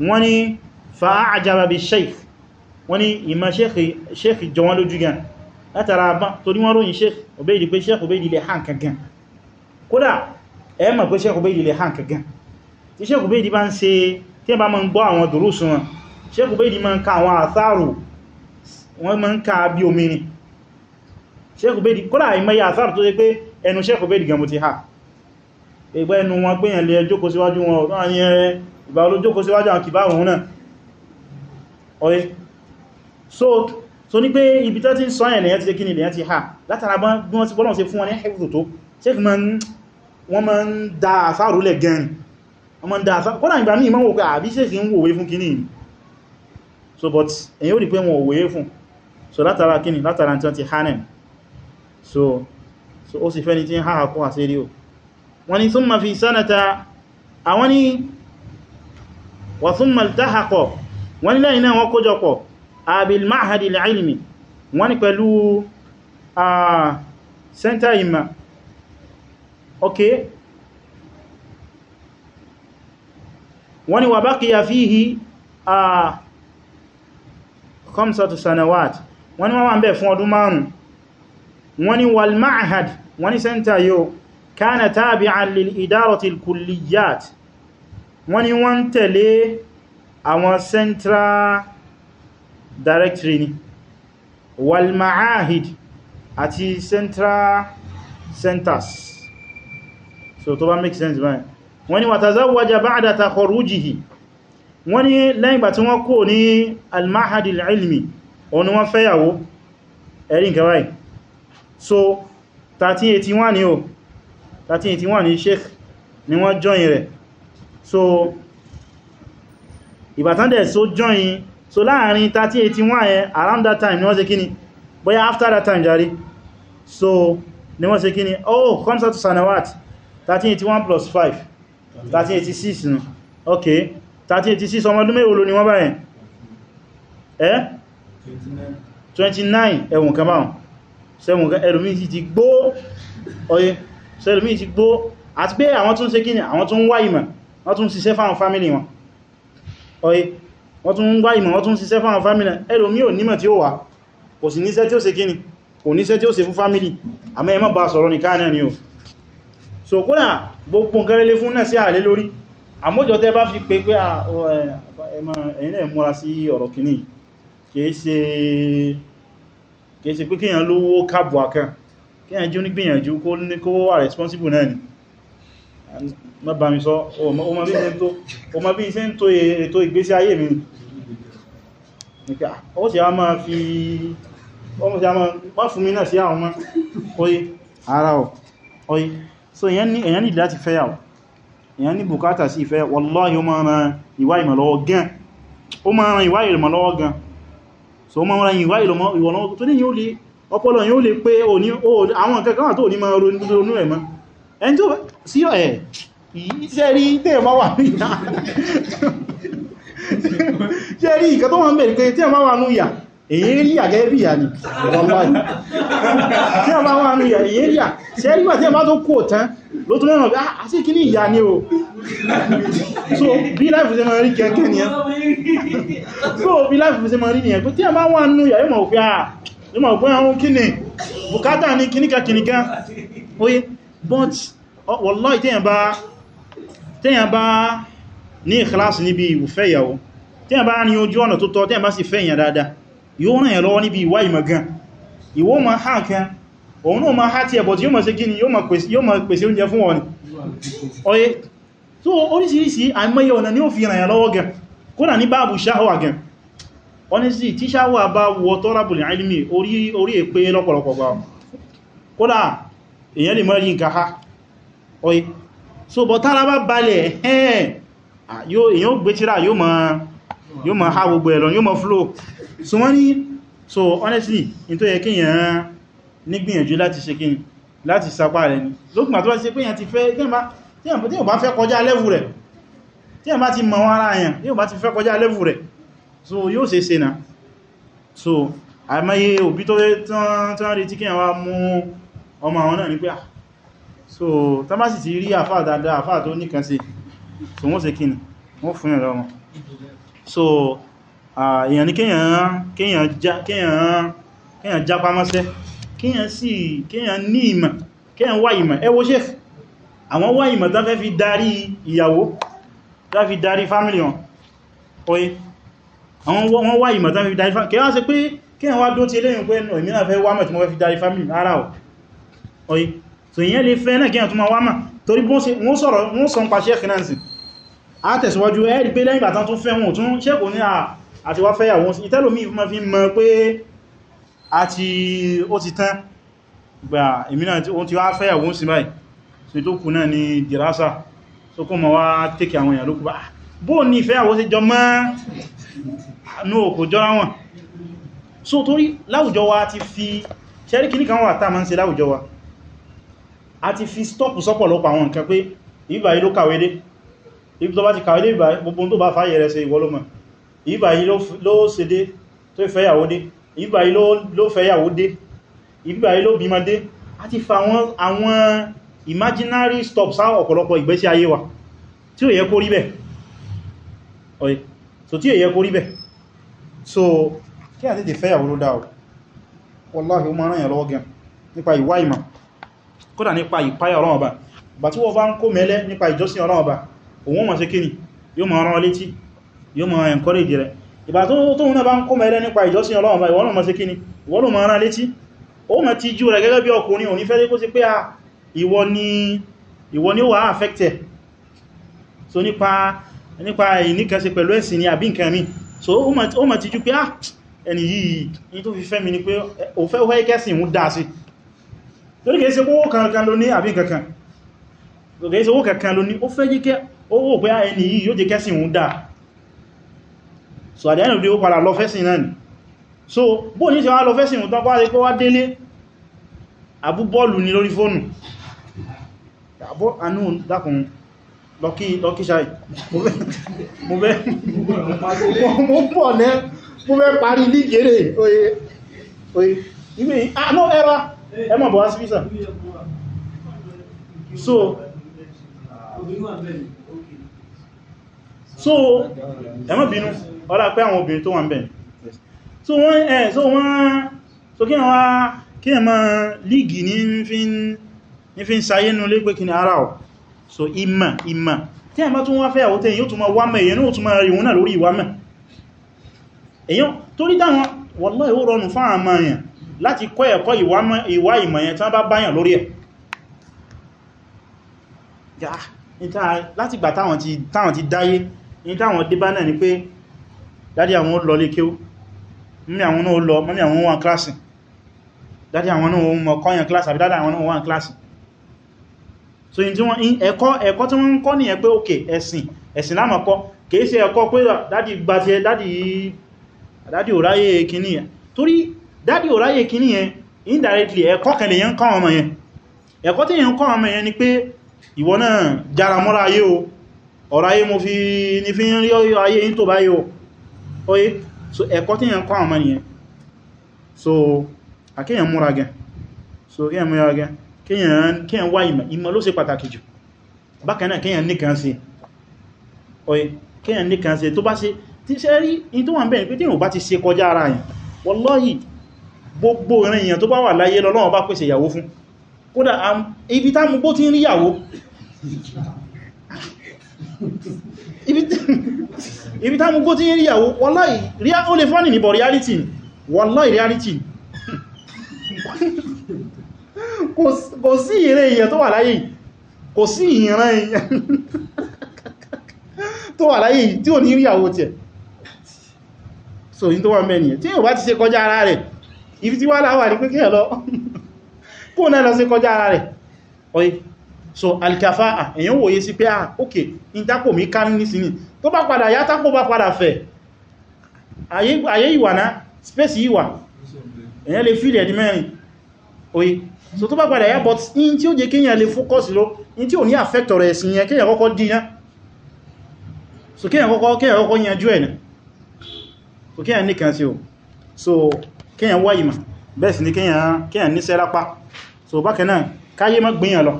wọ́n ni fa'ajaba bi sheikh wọ́n ni ìmọ̀ sheikh jọ wọn lójú gan látara bá torí wọ́n ròyìn sheikh Ubaydi pé sheikh Ubaydi lè hàn kankan kódà ẹ mọ̀ pé sheikh Ubaydi lè hàn kankan tí sheikh Ubaydi bá ń ṣe tí ẹ bá mọ́ ń gbọ́ àwọn dùrúsù wọn sheikh Ubaydi máa ń ka àwọn àtharu wọ́n máa ń ka ìgbà olójókó síwájú àwọn kìbáwọn òun náà ọ̀yẹ́ so so ní pé ibi tó ti ń sọ ẹ̀nìyàn ti kíni lèyàn ti ha látara bí wọ́n ti bọ́lọ̀ sí fún wọn ní ẹ̀fùtò tó sẹ́kì wọ́n ma ń da àfáàrù lẹ̀ gan wọ́n ma ń da so but èyí ó rí pé wọn òwe fún so látara kíni látara tí wọ́n ti so so ó ni tí ha àkọ́ àṣírí o wọ́n ni súnmà fi sánata àwọn ni wa thumma iltahaqa wọ́n ní lẹ́yìn náà wọ́n kójọpọ̀ abil mahadi al-ilmi wọ́n ní pẹ̀lú sẹ́ntà ìmà ok wọ́n ní wa baqiya fihi khamsatu sanawat wọ́n ní wọ́n wà ń bẹ̀ fún ọdún márùn-ún wọ́n ní wal wọ́n ní sẹ́ntà yóò kana tabi'an lil idarati al wọ́n ní wọ́n tẹ̀lé àwọn central directory ni walma'ahid àti central centers so tó bá make sense man. wọ́n ní watazawwaja ba'da takharujihi wọ́n ní lẹ́yìn ìgbà tí wọ́n kò ní al-mahad al-ilmi òun ni wọ́n fẹ́yàwó ẹ̀rí nǹkan báyìí so 1381 ni o 1381 ni sheikh ni wọ́n join rẹ̀ so ìbàtán dẹ̀ so join so láàrin 3081 yẹn around that time ni wọ́n ṣe kíni bóyá after that time jari so ni wọ́n ṣe kíni oh comes out to sanawat 1381 plus 5 1386 nù ok 1386 ọmọdún mẹ́wòó ló ni wọ́n báyẹn ẹ́ 29 ẹ̀wùn kan báwọn sẹ́wùn kan ẹ̀rùmí ti gbó ọyẹ́ sẹ́rùmí ti gbó àti pé àwọn tún ṣe kíni àwọn tún wá ìmọ̀ wọ́n tún ṣiṣẹ́ fáwọn fámílì wọn ọ̀yẹ́ wọ́n tún ń gbá ìmọ̀ wọ́n tún ṣiṣẹ́ fáwọn fámílì ẹlòmí ò nímọ̀ tí ó wà kò sì níṣẹ́ tí ó ṣe kíni kò níṣẹ́ tí ó ṣe fún fámílì àmọ́ ẹ má bá sọ̀rọ̀ nìkan náà ni o so kódà gbogbo gẹ́rẹ́lé fún náà sí ààlé lórí àmójọ tẹ́ bá fi pé pé ẹ̀yìn ẹ̀ múra sí ọ̀rọ̀ kìíní kìí ṣe pé kíyàn lówó káàbù àkàn kíyàn jí ó nígbìyànjú kó wà responsible náà ni má bá mi sọ o ma bí iṣẹ́ ń tó e, ètò ìgbésí ayé mi ó sì a máa fi ọmọ sí a máa fún mi náà sí àwọn oye ara ọ̀ oye so èyàn ní láti fẹ́yàwó èyàn ní bùkátà sí ìfẹ́ wallahi ó máa ran ìwà ìmọ̀lọ́wọ́ gan ó máa ran ìwà ìmọ̀lọ́wọ́ gan so ó máa ran ìwà ìmọ̀lọ́wọ́ tó ní yóò lè ọpọlọ yóò lè pé àwọn kẹkọrọ tó ní máa ronú ẹ̀mọ́ ẹni tó sí ẹ̀ iṣẹ́ rí tẹ́yàn bá wà ní ìyà ṣe rí ìkẹ́ tó wọ́n bẹ̀rẹ̀ pé tẹ́yàn bá wà ní ìyà èyí rí àgẹ́ bí ìyà ni wọ́nláì tẹ́yàn bá wà ní ìyà èyí rí à ṣe rí wà tẹ́yàn bá tó kò tán ló tó lẹ́nà àti kí ní ìyà ni o so bí láìfù ṣe máa rí kẹ́kẹ́ nìyẹn so bí láìfù ṣe máa rí nìyẹn pé tẹ́yàn bá wà ní ìyà yóò mọ̀ pé à yóò mọ̀ pé àwọn kíni bùkátà ní kíníkà kíníkà oye but wallahi tẹ́yàn bá tẹ́yàn bá ní ìkìláàsì níbi ìwòfẹ́ ìyàwó tẹ́yàn bá ní ojú ọ̀nà tó tọ́ tẹ́yàn bá sì fẹ́ èyàn dáadáa yóò ràn yàn lọ́wọ́ níbi ìwà ìmọ̀ gan ma ha kan òun ma ha ti ẹ̀bọ̀ tí yóò ma yóò ma pèsè oúnjẹ fún wọn tó ọ̀nà ni ó fi ràn lọ́wọ́ gan ní báàbù ṣáhọ́wà gan tí ṣáhọ́wà bá wọ tọ́rábùlì àìlìmì orí èpé lọ́pọ̀lọpọ̀ gbà lè mọ́ yí nǹkan ha so bọ̀ tára bá balẹ̀ ẹ̀ẹ́n èyàn gbé tíra yóò mọ̀ ha gbogbo ẹ̀lọ yóò mọ̀ flow so wọ́n ní so honestly in tó yẹ kí èyàn nígbìyànjú láti ṣe kí láti sapá rẹ̀ ni lókùnmà tó bá ṣe pé èyàn ti fẹ́ tí yàn bá fẹ́ kọjá lẹ́vù rẹ̀ tí yàn bá ti mọ̀ wọn ara yàn yóò bá ti fẹ́ kọjá lẹ́vù rẹ̀ so yóò ṣe ṣe náà so àìmọye òbí tó tán rí tí kí yàn wá mú ọmọ àwọn náà ní pé ah so tán bá sì ti rí àfáà dáadáa àfáà tó níkan sí so wọ́n ṣe kíni wọ́n fún ẹ̀rọ wọn so èèyàn ní kéèyàn jápá mọ́sẹ́ kéèyàn sì kéèyàn ní ìmọ̀ kéèyàn wá ìmọ̀ ẹ wo Sheikh àwọn wá ìmọ̀ tán fẹ́ fi darí ìyàwó tán fi darí family wọn oye àwọn wọ́n wá ìmọ̀ tán fi darí family kéèyàn wá dó ti eléyìn pé ẹ̀mí náà fẹ́ wá mọ̀ tí mo fi darí family ara ọ̀ oye so ìyẹn lè fẹ́ náà kí àtúnmà wá mà torí wọ́n sọ̀rọ̀ wọ́n sọ ń pa sheik náà sí a tẹ̀síwájú ẹ́rì pé lẹ́yìn bàtán tó fẹ́ wọn tún sheik ní àti wá fẹ́yàwó ìtẹ́lómi ma fi mọ̀ pé àti ó ti tán gbà ìmìnà tí wá fẹ́yàwó sí báyìí so tó kù náà ni dirasa so kó ma wá tẹ́kì àwọn èèyàn lókù bá ah, bó ní ìfẹ́yàwó sí jọ mọ́ ní òkò jọ wọn so torí láwùjọ wa ti fi ṣẹ́ríkì nìkan wà tá ma ń ṣe láwùjọ wa a ti fi stop sọ́pọ̀lọpọ̀ àwọn nǹkan pé ìbáyí ló kàwédé ibi tó bá ti kàwédé gbogbo tó bá fàyẹ̀ rẹ̀ ṣe ìwọlọ́mọ̀ ìbáyí ló ṣe dé tó fẹ́yàwó dé ìbáyí ló fẹ́yàwó dé ìbáyí ló bímọ dé a ti fa àwọn imaginary stop sá ọ̀pọ̀lọpọ̀ ìgbésí ayé wa tí ó yẹ kó rí bẹ́ẹ̀ ọ̀yẹ́ so tí ó yẹ kó rí bẹ́ẹ̀ so kí a tètè fẹ́yàwó ló dá ọ wallahi ó máa ràn yàn lọ́wọ́ gan nípa ìwá ìmọ̀ kódà nípa ìpáyà ọ̀rọ̀ ọba bà tí wọ́n bá ń kó mẹ́lẹ́ nípa ìjọsìn ọ̀rọ̀ ọba òun ma ṣe kíni yóò ma rán létí yóò ma encourage rẹ̀ ìbà tó tóun náà bá ń kó mẹ́lẹ́ nípa ìjọsìn ma ṣe kíni ìwọ́n ma rán létí ni ìwọ ni ó affected so nípa nípa ìníkẹsẹ pẹ̀lú ẹ̀sìn ni so ó ma ti jú pé ah ẹni yìí ní tó fi fẹ́ mi ni torí kìí ṣe owó kankan ló ní àbí kankan kìí ṣe owó kankan ló ní ó fẹ́ jíkẹ́ owó pé ah, ẹni yìí yóò jẹ́ kẹ́sìn ń dáa so at the end of the day ó padà lọ fẹ́sìn náà ni so bó ní ṣe wá lọ fẹ́sìn tán pàdé pé wá délé àbúbọ́ọ̀lù ni lórí fóònù àbọ́ anú dákùn lọ́kí lọ́kí ṣáì mo fẹ́ mo pọ̀ lẹ́ mo fẹ́ parí lígẹ̀ẹ́rẹ̀ oye oye ìgbẹ̀yìn ah no error ẹ mọ̀ bọ̀ wá sí visa so so ẹ má bínú ọlá pé àwọn obìnrin tó wà ń bẹ̀ so wọ́n ẹ̀ so wọ́n so kí wọ́n kí ẹ ma lígì ní fi ń sayé nú lé pé kí ni ara ọ̀ so ìmà ìmà tí ẹ má tún wá fẹ́ àwọ́tẹ́ yóò tún ma wá mẹ́ èyàn náà tún ma rí wọn náà lórí ìwá mẹ́ fáàmà yàn láti kọ́ ẹ̀kọ́ ìwà ìmọ̀ yẹn tán bá báyàn lórí ẹ̀ láti gbà táwọn ti dáyé ní táwọn dé bá náà ni pé dádí àwọn lọ lé kéwú mọ́mí àwọn náà lọ mọ́mí àwọn wọn kíláàsì dádí àwọn náà mọ̀ kọ́yàn kíláàsì àbí dádí àwọn wọn kíláàsì so in tí wọ́n in ẹ̀kọ́ ẹ̀kọ́ tí wọ́n ń kọ́ ní ẹ pé òkè ẹ̀sìn ẹ̀sìn láàmà kọ́ kìí ṣe ẹ̀kọ́ pé dádì gbàtí dádì ò ráyè kí níyẹn indirectly ẹ̀kọ́ kẹlẹ̀ yẹn kọ́ ọmọ yẹn ẹ̀kọ́ tí yẹn kọ́ ọmọ yẹn ni pé ìwọ náà jára mọ́ra ayé o ọ̀rọ̀ ayé mo fi ní fi ń rí ọyọ ayé yìí tó báyé o oye so ẹ̀kọ́ tí yẹn kọ́ ọmọ yẹn so àkíyàn múra gẹn so kíyàn múra gẹn kíyàn wá ìmọ̀ ìmọ̀ ló ṣe pàtàkì jù bákan náà kíyàn nìkan ṣe oye kíyàn nìkan ṣe tó bá ṣe tí ṣe in tó wà ń bẹ̀rẹ̀ pé tí yẹn bá ti ṣe kọjá ara yẹn wallahi gbogbo ìran èèyàn tó bá wà láyé lọ́lọ́wọ́ bá pèsè ìyàwó fún kódà um, ibi tá mú bó ti ń rí ìyàwó ibi [LAUGHS] tá mú bó ti ń rí ìyàwó wallahi ó lè fọ́nì níbọ̀ reality wallahi reality [LAUGHS] kò sí ìran èèyàn tó wà láyé kò sí ìran èèyàn [LAUGHS] tó wà láyé tí ò ní rí ìyàwó tiẹ̀ so yí tó wà mẹ́ni tí yóò bá ti ṣe kọjá ara rẹ̀ ibi tí wá láwà ní pẹ́kẹ́ lọ [LAUGHS] kó náà lọ sí kọjá ara rẹ̀ oye so alkafa'a èyàn wòye sí pé ah ok ìtàkò mi ká ní sí ní tó bá padà yá tákò bá padà fẹ̀ ayé ìwà náà space ìwà èyàn lè fílẹ̀ ẹ̀dì mẹ́rin oye so tó bá padà yá but in tí ó jẹ́ kíyàn lè fókọ́sì lọ in tí ò ní àfẹ́tọ̀ rẹ̀ sí yẹn kíyàn kọ́kọ́ dí yẹn so kíyàn kọ́kọ́ so kíyàn ní kan sí o so kíyàn wá ìmọ̀ bẹ́ẹ̀ sì ni kíyàn níṣẹ́ lápá so bákanáà káyé má gbìyàn lọ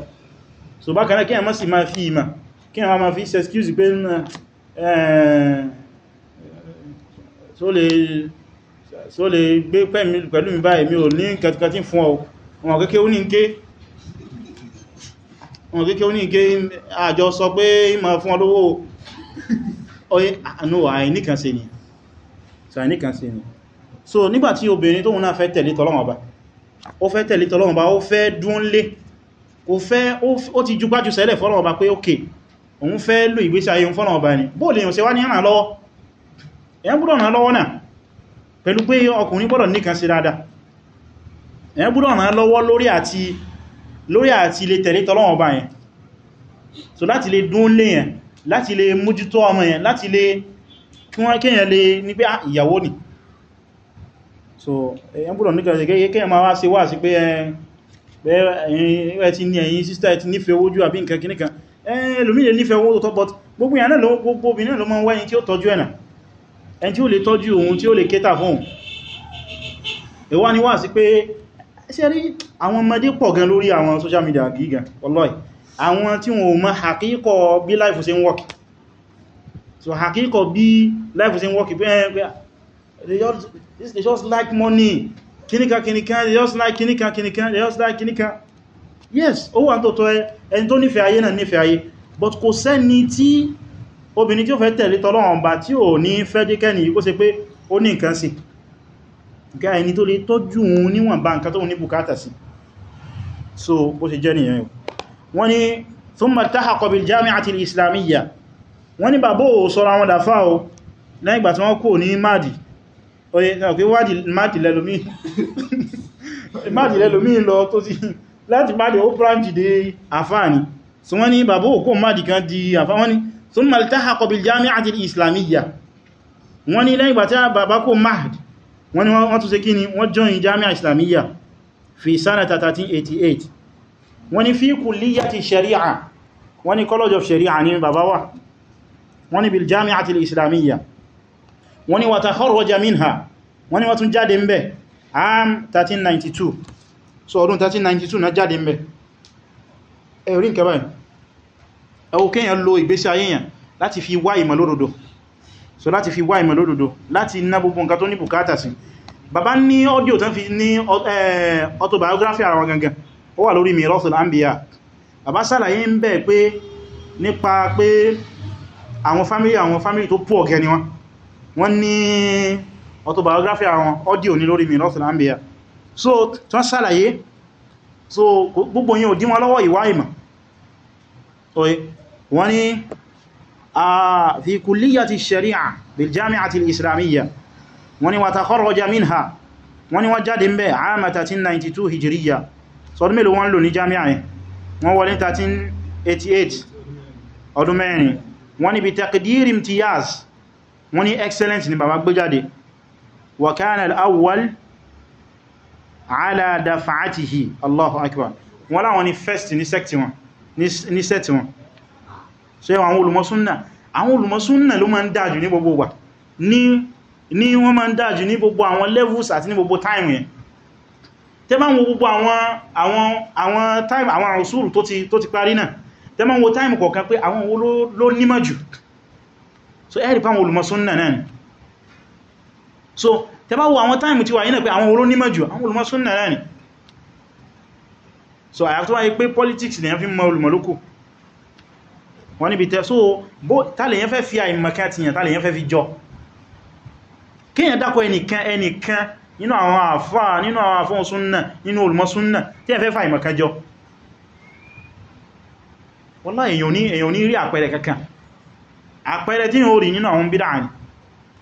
so bákanáà kíyàn má sì máa fi ìmọ̀ kíyàn wá máa fi ṣe excuse pé so eh, lè gbé pẹ̀lú mi báyìí mi ò ní kẹtìkẹtì fún ọ wọn kéèké ó ní ń ké wọn kéèké ó ní ń ké àjọ sọ pé ìmọ̀ fún ọlọ́wọ́ ọyẹ́ àánú àìníkànṣe ni so nígbàtí obìnrin tóun náà fẹ́ tẹ̀lé tọ́lọ́wọ́n bá ó fẹ́ tẹ̀lé tọ́lọ́wọ́n bá ó fẹ́ dúnlé kò fẹ́ ó ti ju gbájú sẹ́lẹ̀ fọ́lọ́wọ́n bá pé ókè òun fẹ́ lò ìgbésí ayé òun fọ́lọ́wọ́n ni ní bóòlè èyàn ṣe wá ní ràn lọ́wọ́ èyàn gbọ́dọ̀ ràn lọ́wọ́ náà pẹ̀lú pé ọkùnrin gbọ́dọ̀ nìkan sí dáadáa èyàn gbọ́dọ̀ ràn lọ́wọ́ lórí àti lórí àti lè tẹ̀lé tọ́lọ́wọ́n bá yẹn so láti lè dúnlé yẹn láti lè mójútó ọmọ yẹn láti lè kí wọ́n kéyàn lè ní pé ah, ìyàwó ni so èyàn gbọ́dọ̀ níkà ṣe kéyẹ kéyàn máa wá sí wá sí pé ẹ̀yìn ti ní ẹ̀yìn sísta ti nífẹ̀ẹ́ owó jù àbí nǹkan kìníkan ẹlòmílẹ̀ nífẹ̀ẹ́ owó tó but gbogbo ìyàn náà gbogbo obìnrin ló máa ń wáyìn tí ó tọ́jú ẹ̀nà ẹni tí ó lè tọ́jú òun tí ó lè kéta fún ìwá ni wá sí pé ṣe rí àwọn ọmọdé pọ̀ gan lórí àwọn social media gíga wallahi àwọn tí wọn ò mọ hakíkọ bí life ṣe ń wọ́kì so hakíkọ bí life ṣe ń wọ́kì pé they just, they just like money kíníkà kíníkà they just like kíníkà kíníkà they just like kíníkà yes ó wà tó tó ẹni tó nífẹ̀ẹ́ ayé náà nífẹ̀ẹ́ ayé but kò sẹ́ni tí obìnrin tí ó fẹ́ tẹ̀lé tọ́lọ́run bá tí ò ní fẹ́ díkẹ́ ní kó ṣe pé ó ní nǹkan sí gá ẹni tó lè tọ́jú òun níwọ̀n bá nǹkan tó ní bùkátà sí so ó ṣe jẹ́ nìyẹn wọ́n ni thumma iltahaqa bil jami'ati al islamiyya wọ́n ni bàbá ò sọ́ra wọn dàfà ó lẹ́yìn ìgbà tí wọ́n kò ní máàdì oye náà kí wádìí máàdì lẹ́lòmí máàdì lẹ́lòmí lọ tó sí láti máàdì ó branch dé àfáàní so wọ́n ní bàbá òkú máàdì kan di àfáàní sun maltahaqa bil jami'ati islamiyya wọ́n ní lẹ́yìn gbàtí bàbá kó máàdì wọ́n ní wọ́n tún ṣe kí ni wọ́n join 1388 wọ́n ní fi kulliyati shari'a wọ́n ní college of shari'a ní wọ́n ni wata kharraja minha wọ́n ni wọ́n tún jáde am 1392 so ọdún 1392 na jáde ń bẹ̀ ẹ̀rí nkẹ báyìí ẹwọ kíyàn lo ìgbésí ayéyàn láti fi wá ìmọ̀ lódodo so láti fi wá ìmọ̀ lódodo láti ná gbogbo nǹkan tó ní bùkátà sí bàbá ní audio tán fi ní autobiography ara wọn gangan ó wà lórí Mirathul Anbiya bàbá sàlàyé ń bẹ̀ pé nípa pé àwọn family àwọn family tó pọ̀ gẹni wọn wọ́n ní autobiography àwọn audio ní lórí Mirathul Anbiya so tí wọ́n sàlàyé so gbogbo yín ò dí wọn lọ́wọ́ ìwá ìmọ̀ oye wọ́n ní a fi kulliyati shari'a bil jami'ati al-islamiyya wọ́n ní wa takharraja minha wọ́n ní wọ́n jáde ń àmà 1392 hijiriya sọdún mélòó wọ́n lò ní jami'a yẹn wọ́n wọlé 1388 ọdún mẹ́rin wọ́n ní bi taqdir imtiyaz wọ́n ní excellence ni bàbá gbé jáde wa kana al-awwal ala dafa'atihi Allahu akbar wọ́n láwọn ni first ní sect wọn ní sect wọn so àwọn olùmọ̀súnnà àwọn olùmọ̀súnnà ló máa ń dájú ní gbogbo wà ní wọ́n máa ń dájú ní gbogbo àwọn levels àti ní gbogbo time yẹn tẹ́ bá ń wo gbogbo àwọn àwọn time àwọn wo so ẹ̀rì fáwọn olùmọ̀ náà so tẹbá wo àwọn táìmù tí wà yínà pé àwọn oló àwọn olùmọ̀ náà ni so àyàtọ́ wáyé pé politics lèyàn fi mọ olùmọ̀ lókù wọ́n níbi tẹ́ so bó tàlèyàn fẹ́ fi àìmọ̀kẹ́ àti yàn tàlèyàn fẹ́ fi jọ kíyàn dákọ̀ ẹnìkan ẹnìkan nínú àwọn àfáà nínú àwọn àfáà súnnà nínú olùmọ̀ súnnà tí ẹ fẹ́ fà èyàn ní rí àpẹẹrẹ kankan àpẹẹrẹ tí yóò rí nínú àwọn bídá ni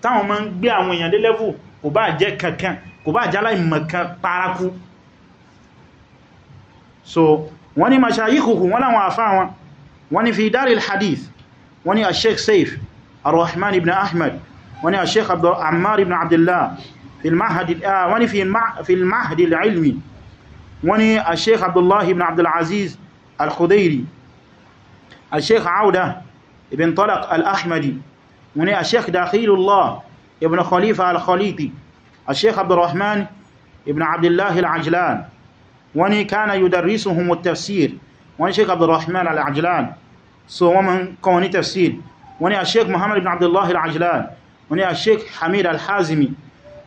táwọn máa ń gbé àwọn èèyàn dé lẹ́fù kò bá jẹ́ kankan kò bá jálá ìmọ̀kan paraku so wọ́n ni mashayikhuhu wọ́n láwọn àfá wọn wọ́n ni fi dárí hadith wọ́n ni asheik saif arrahman ibn ahmad wọ́n ni asheik ammar ibn abdullah ah, wọ́n ni fi mahdi ilmi wọ́n ni asheik abdullah ibn abdulaziz al-khudairi asheik auda ابن طلق الأحمدي من الشيخ داخيل الله ابن خليفة الخليطي الشيخ عبد الرحمن ابن عبد الله العجلان وني كان يدرسهم التفسير وني الشيخ عبد الرحمن العجلان سو ومن كوني تفسير وني الشيخ محمد بن عبد الله العجلان وني الشيخ حميد الحازمي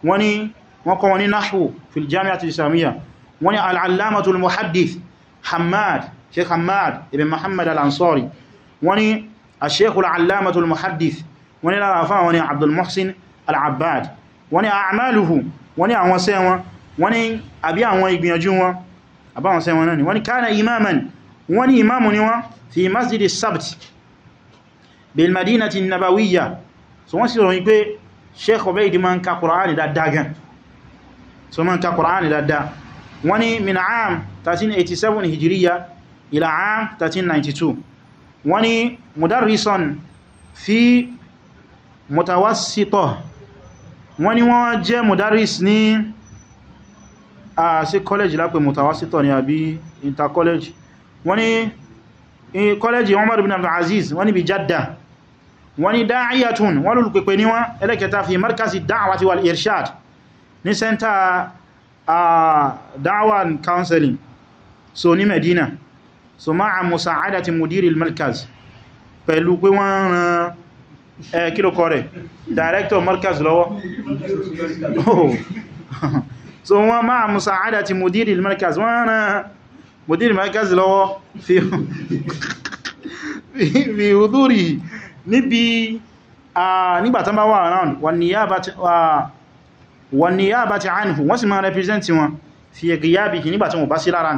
وني وكوني نحو في الجامعة الإسلامية وني العلامة المحدث حماد شيخ حماد ابن محمد الأنصاري وني الشيخ العلامة المحدث وني لرافا وني عبد المحسن العباد وني أعماله وني àwọn ṣe wọn وني àbí àwọn ìgbìyànjú wọn àbí àwọn ṣe wọn náà ni وني كان إماما وني إمام ni wọ́n في مسجد السبت بالمدينة النبوية so wọ́n sì rọ̀ wípé sheikh obeid ma ń ka Qur'ani dáadáa gan so ma ń ka Qur'ani dáadáa wọ́n ni min aam 1387 hijiriya ila aam 1392 wọ́n ni mudarrison fi mutawassito wọ́n ni wọ́n jẹ́ mudarris ní a sí college lápẹ̀ mutawassito ni àbí inter college wọ́n ni college Umar ibn Abdul Aziz wọ́n ni bí Jadda wọ́n ni da'iyatun wọ́n lùlùpẹ̀pẹ̀ ní wọ́n ẹlẹ́kẹta fi markazi da'wati wal irshad ní center uh, da'wa counseling so ní Medina so ma'a musa'adati mudiri al-markaz pẹ̀lú pé wọ́n ran kílòkọ rẹ̀ director markaz lọ́wọ́ oh. [LAUGHS] so wọ́n ma'a musa'adati mudiri al-markaz wọ́n ran mudiri al-markaz lọ́wọ́ fi huduri níbi nígbàtán bá wà around wọ́n ni yá bá ti anhu wọ́n sì máa represent wọn fi ẹ̀gìyà bí kì nígbàtán wọ́n bá sí lára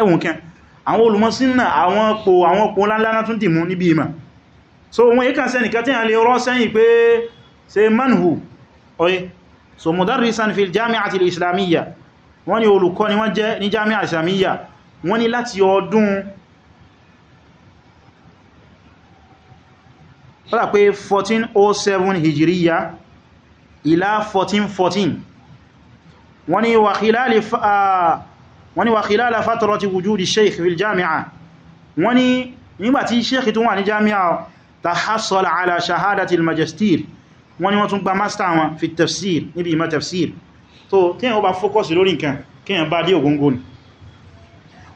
ẹ̀wùn kẹ́ àwọn olùmọ́sínà àwọn pò àwọn pò lánlá tún dìmú níbi ìmọ̀ so wọn yí kàn sẹ́nìkan tí a lè rọ́ sẹ́yìn pé se manhu oye so mudarrisan fil jami'ati islamiyya wọ́n ni olùkọ́ ni wọ́n jẹ́ ní jami'a islamiyya wọ́n ni láti ọdún wọ́n 1407 hijiriya ila 1414 wọ́n ni wà khilali fa'a wọ́n ni wà khilala fatrati wujudi sheikh fil jami'a wọ́n ni nígbàtí sheikh tún wà ní jami'a tahassala ala shahadati al-majastir wọ́n ni wọ́n tún gba master wọn fi tafsir níbi ìmọ̀ tafsir so tí yẹn ó bá fókọ́sì lórí nǹkan kí yẹn bá dé ògóngó ni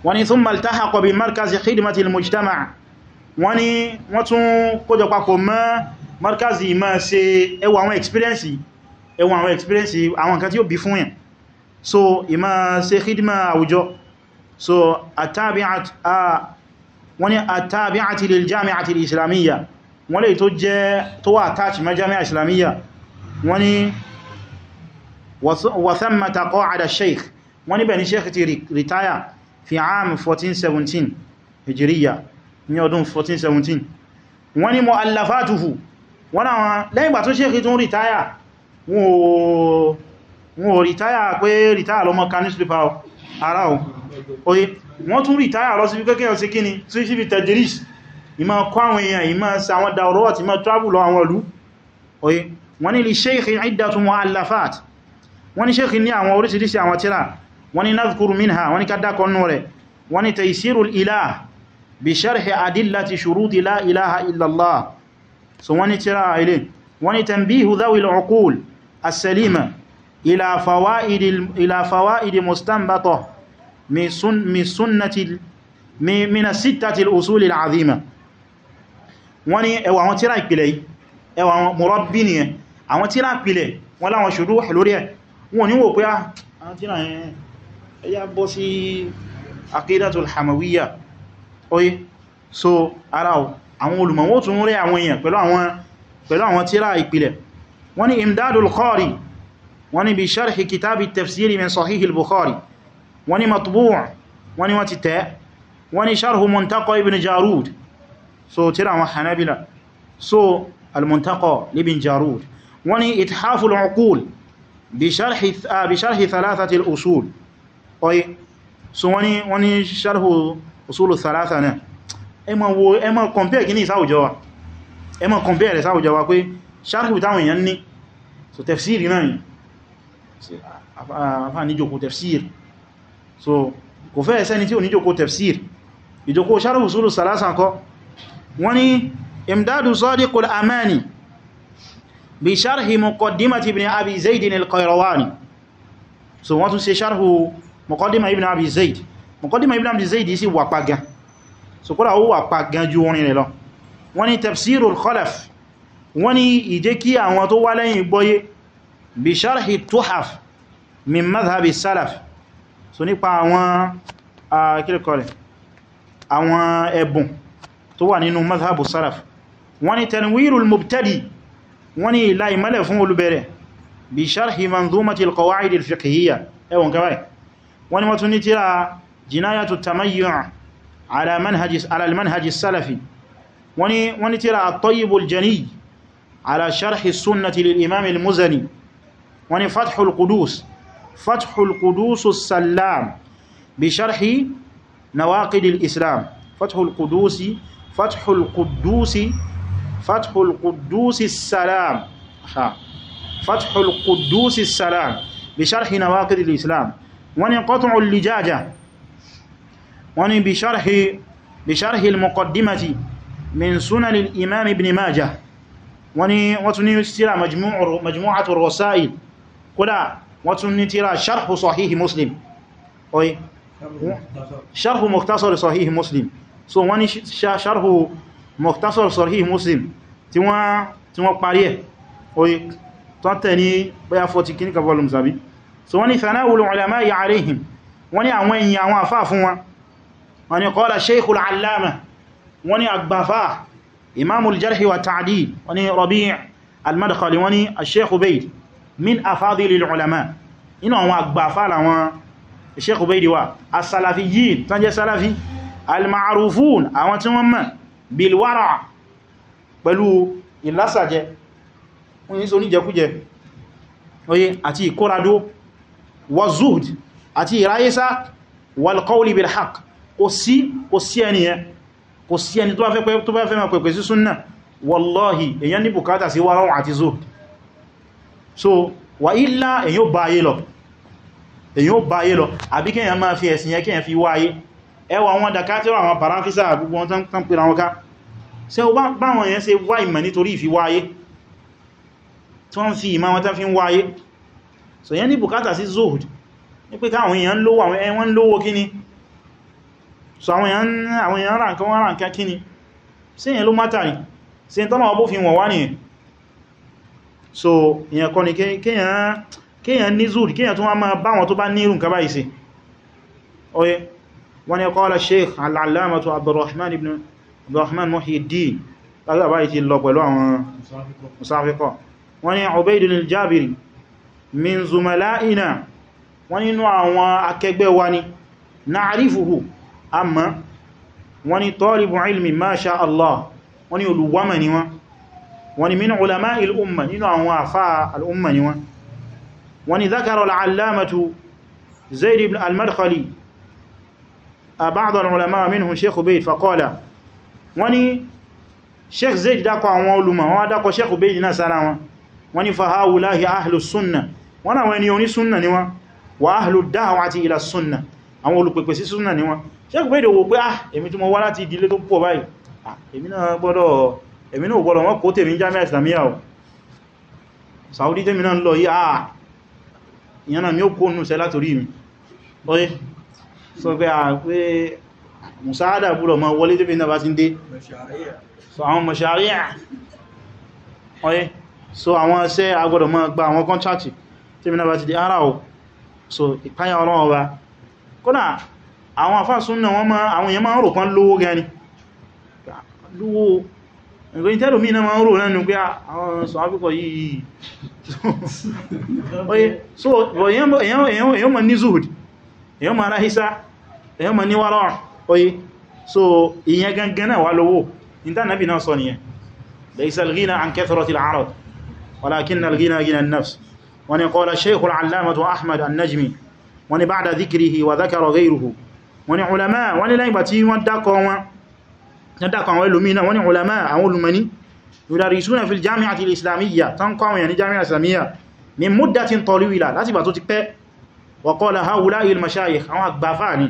wọ́n ni thumma iltahaqa bi markazi khidmati al-mujtama' wọ́n ni wọ́n tún kójọ papọ̀ mọ́ markazi ma ṣe ẹwà àwọn experience ẹwà àwọn experience àwọn nǹkan tí ó bí fún yẹn so ìmá ṣe khidma àwùjọ so wọ́n ni àtàbíàtì lè jami'ati islamiyya wọ́n lè tó jẹ́ tó wà tàbí ma jami'a islamiyya wọ́n ni wa thamma qa'ada sheikh wọ́n ni bẹ̀ni sheikh ti ritaya fi am 1417 hijiriya ní ọdún 1417 wọ́n ni mu'allafatuhu wọ́n na lẹ́yìn gbà tó sheikh tó ritaya wọn ò rìtáyà pé rìtáyà lọ mọ́ ká newspaper ara o oye wọ́n tún rìtáyà lọ sí wípé kéèyàn sí kíni tí sí fi tẹ̀dìrís ìmá kọ́ àwọn èèyàn ìmá sí àwọn dàwọ̀rọ̀ àti ìmá travel lọ àwọn ìlú oye wọ́n ní li sheikhi iddatun mu'allafat wọ́n ní sheikhi ní àwọn oríṣiríṣi àwọn tírà wọ́n ní nadhkuru minha wọ́n ní ká dákọ̀ nù rẹ̀ wọ́n ní taysirul ilah bi sharhi adillati shuruti la ilaha illallah so wọ́n ní tírà ilé wọ́n ní tanbihu dhawil uqul as إلى فوائد إلى فوائد مستنبطة من سن من سنة من الستة الأصول العظيمة wọ́n ní ẹwà àwọn tíra ìpìlẹ̀ yìí ẹwà àwọn mọ̀rọ̀bí ni ẹ àwọn tíra ìpìlẹ̀ wọ́n láwọn ṣòro lórí ẹ̀ wọ́n ní wò pé ah, àwọn tíra ẹ̀yà bọ́ sí aqidatul hamawiyya oye so ara àwọn olùmọ̀wọ́ tún rí àwọn èèyàn pẹ̀lú àwọn tíra ìpìlẹ̀ wọ́n ní imdadul qari wani bi sharhi kitabi tafsiri min sahihi al-bukhari wani matbu' wani wati ta wani sharhu muntaqa ibn jarud so tira wa hanabila so al-muntaqa ibn jarud wani ithafu al-uqul bi sharhi ah, bi sharhi thalathati al-usul oy so wani wani sharhu usulu thalatha na ẹ ma wo ẹ ma compare kini sawujo wa ẹ ma pé sharhu tawon yan ni so tafsiri na afá níjòkó tefsir so kò fẹ́ ẹ̀sẹ́ni tí ò níjòkó tefsir ìjòkó sharh usul salasa kọ́ wọ́n ni imdadu sadiqul amani bi so wọ́n tún ṣe sharhu muqaddima ibn abi zaid muqaddima ibn abi zaid sì wà pa so kódà ó wà pa gan ju orin rẹ̀ lọ wọ́n ni tefsirul khalaf wọ́n ni ìjẹ́ kí àwọn tó wá lẹ́yìn gbọ́yé bí sharhi tuhaf min madhhabi salaf so nípa àwọn akílẹ̀kọ́lẹ̀ àwọn ẹ̀bùn tó wà nínú madhhabu salaf wọ́n ni tanwirul mubtadi wọ́n ni ìlà ìmọ́lẹ̀ fún olùbẹ̀rẹ̀ bí sharhi manzumati alqawaid alfiqhiyya ẹwọ̀n kawai wọ́n ni wọ́n tún ní tíra jinayatu tamayyu'a ala manhajis salafi wọ́n ni tíra at-tayyibul wọ́n ní fathul qudus fathul qudus salam bi sharhi nawaqidil islam fathul qudusi fathul qudusi fathul qudusi salam ha fathul qudusi salam bi sharhi nawaqidil islam wọ́n ní qat'ul lijaja wọ́n ní bi sharhi al-muqaddimati min sunan imam ibn majah wọ́n ní wọ́n tún ní sira kódà wọ́n tún ní tíra sharhu sahihi muslim oye sharhu mukhtasar sahihi muslim so wọ́n ní sharhu mukhtasar sahihi muslim tí wọ́n parí ẹ̀ oye tán tẹ̀ ní bóyá 40 kìníkà volumes àbí so wọ́n ní thanawul ulama ya alaihim wọ́n ní àwọn èyí àwọn àfáà fún wọn wọ́n ní qala shaykhul allama wọ́n ní àgbàfáà imamul jarhi wa ta'dil wọ́n ní rabi' al-madkhali wọ́n ní ash-shaykh min afadilil ulama inú àwọn àgbàfà làwọn Sheikh Ubaydi wa as-salafiyyin tán jẹ́ salafi al-ma'rufun àwọn tí wọ́n mọ̀ bil wara' pẹ̀lú ìlásàjẹ́ oyin so ní jẹkújẹ oye àti ìkóradó wa zuhd àti ìráyésá wal qawli bil haqq kò sí kò sí ẹni ẹ kò sí ẹni tó bá fẹ́ mọ̀ pẹ̀pẹ̀ sí súnnà wallahi èyàn ní bùkátà sí wárọ̀ àti zuhd so wà ílá èyàn bá ayé lọ èyàn bá ayé lọ àbí kíyàn máa fi ẹ̀sìn yẹn kíyàn fi wá ayé ẹwà wọn dàkátí àwọn paráfísà gbogbo wọn tán pèrà wọn ká ṣe o báwọn yẹn ṣe wá ìmọ̀ nítorí ìfi wá ayé tí wọ́n fi ìmọ̀ wọn tán fi ń wá ayé so yẹn ní bùkátà sí zohud ní pé káwọn èèyàn lówó àwọn ẹwọ́n lówó kíni so àwọn èèyàn rà nǹkan wọ́n rà nǹkan kíni sí èèyàn ló mátà ní sí tọ́mọ̀ ọbó fi wọ̀n so ìyẹn kọ́ ni kíyàn ní zuri kíyàn tún wá máa bá wọn tó bá ní irú nǹkan báyìí sí oye wọ́n ni qala sheikh al-allamatu abdurrahman ibn abdurrahman muhyiddin lágbà báyìí ti lọ pẹ̀lú àwọn musafikọ́ wọ́n ni ubaydun al-jabiri min zumala'ina wọ́n nínú àwọn akẹgbẹ́ wa ni na'rifuhu amma wọ́n ni talibu ilmi ma sha Allah wọ́n ni olùwámẹ̀ ni wọ́n wọ́n ni min ulama il-umma nínú àwọn àfá al'umma ni wọ́n wọ́n ni zakaro al'allamatu zaid ibn al-madkhali a ba'adar ulama minhum sheikh ubaid faqala wọ́n ni sheikh zaid dákọ̀ àwọn olùmọ̀ wọ́n dákọ̀ sheikh ubaid na sára wọn wọ́n ni fahawulahi ahlus sunna wọ́n na wani oni sunna ni wọ́n wa ahlu da'wati ila sunna àwọn olùpẹ̀pẹ̀ sí sunna ni wọ́n sheikh ubaid wo pé ah èmi tí mo wá láti ìdílé tó pọ̀ ah èmi náà gbọ́dọ̀ èmi náà gbọ́dọ̀ wọ́n kó tèmi jami'a islamiyya o saudi tèmi náà lọ yí àà ìyànà mi ó kó nù sẹ látorí mi oye sọ pé a pé musáádà gbọ́dọ̀ ma wọlé tèmi náà bá ti ń dé so àwọn mọ̀ṣàríà oye so àwọn ṣẹ́ agbọ́dọ̀ ma gba àwọn kọ́ntrátì tèmi náà bá so ìpáyà ọlọ́wọ́ wa kódà àwọn àfáàsún náà wọ́n ma àwọn èèyàn máa ń rò kan lówó nǹkan ìtẹ́lò mí náà ma ń rò náà nù pé àwọn sọ áfíkọ̀ yìí [LAUGHS] oye so èyàn ma ní zuhud èyàn ma ráhísá èyàn ma ní wárọ̀ oye so ìyẹn gangan náà wà lówó ìntànàbì náà sọ nìyẹn laysa al-ghina an kathrati al-'arad walakin al-ghina ghina an-nafs wani qala shaykh al ahmad an-najmi wani ba'da dhikrihi wa dhakara ghayruhu wani ulama wani lẹ́yìn bá wọ́n dákọ wọn dákọ̀ àwọn ẹlòmí náà wọ́n ni ulama àwọn olùmọ̀ní yudarrisuna fil jami'ati al-islamiyya tán kọ́ àwọn èèyàn ní jami'a islamiyya min muddatin tawila láti ìgbà tó ti pẹ́ wa qala haula'il mashayikh àwọn àgbàfà ni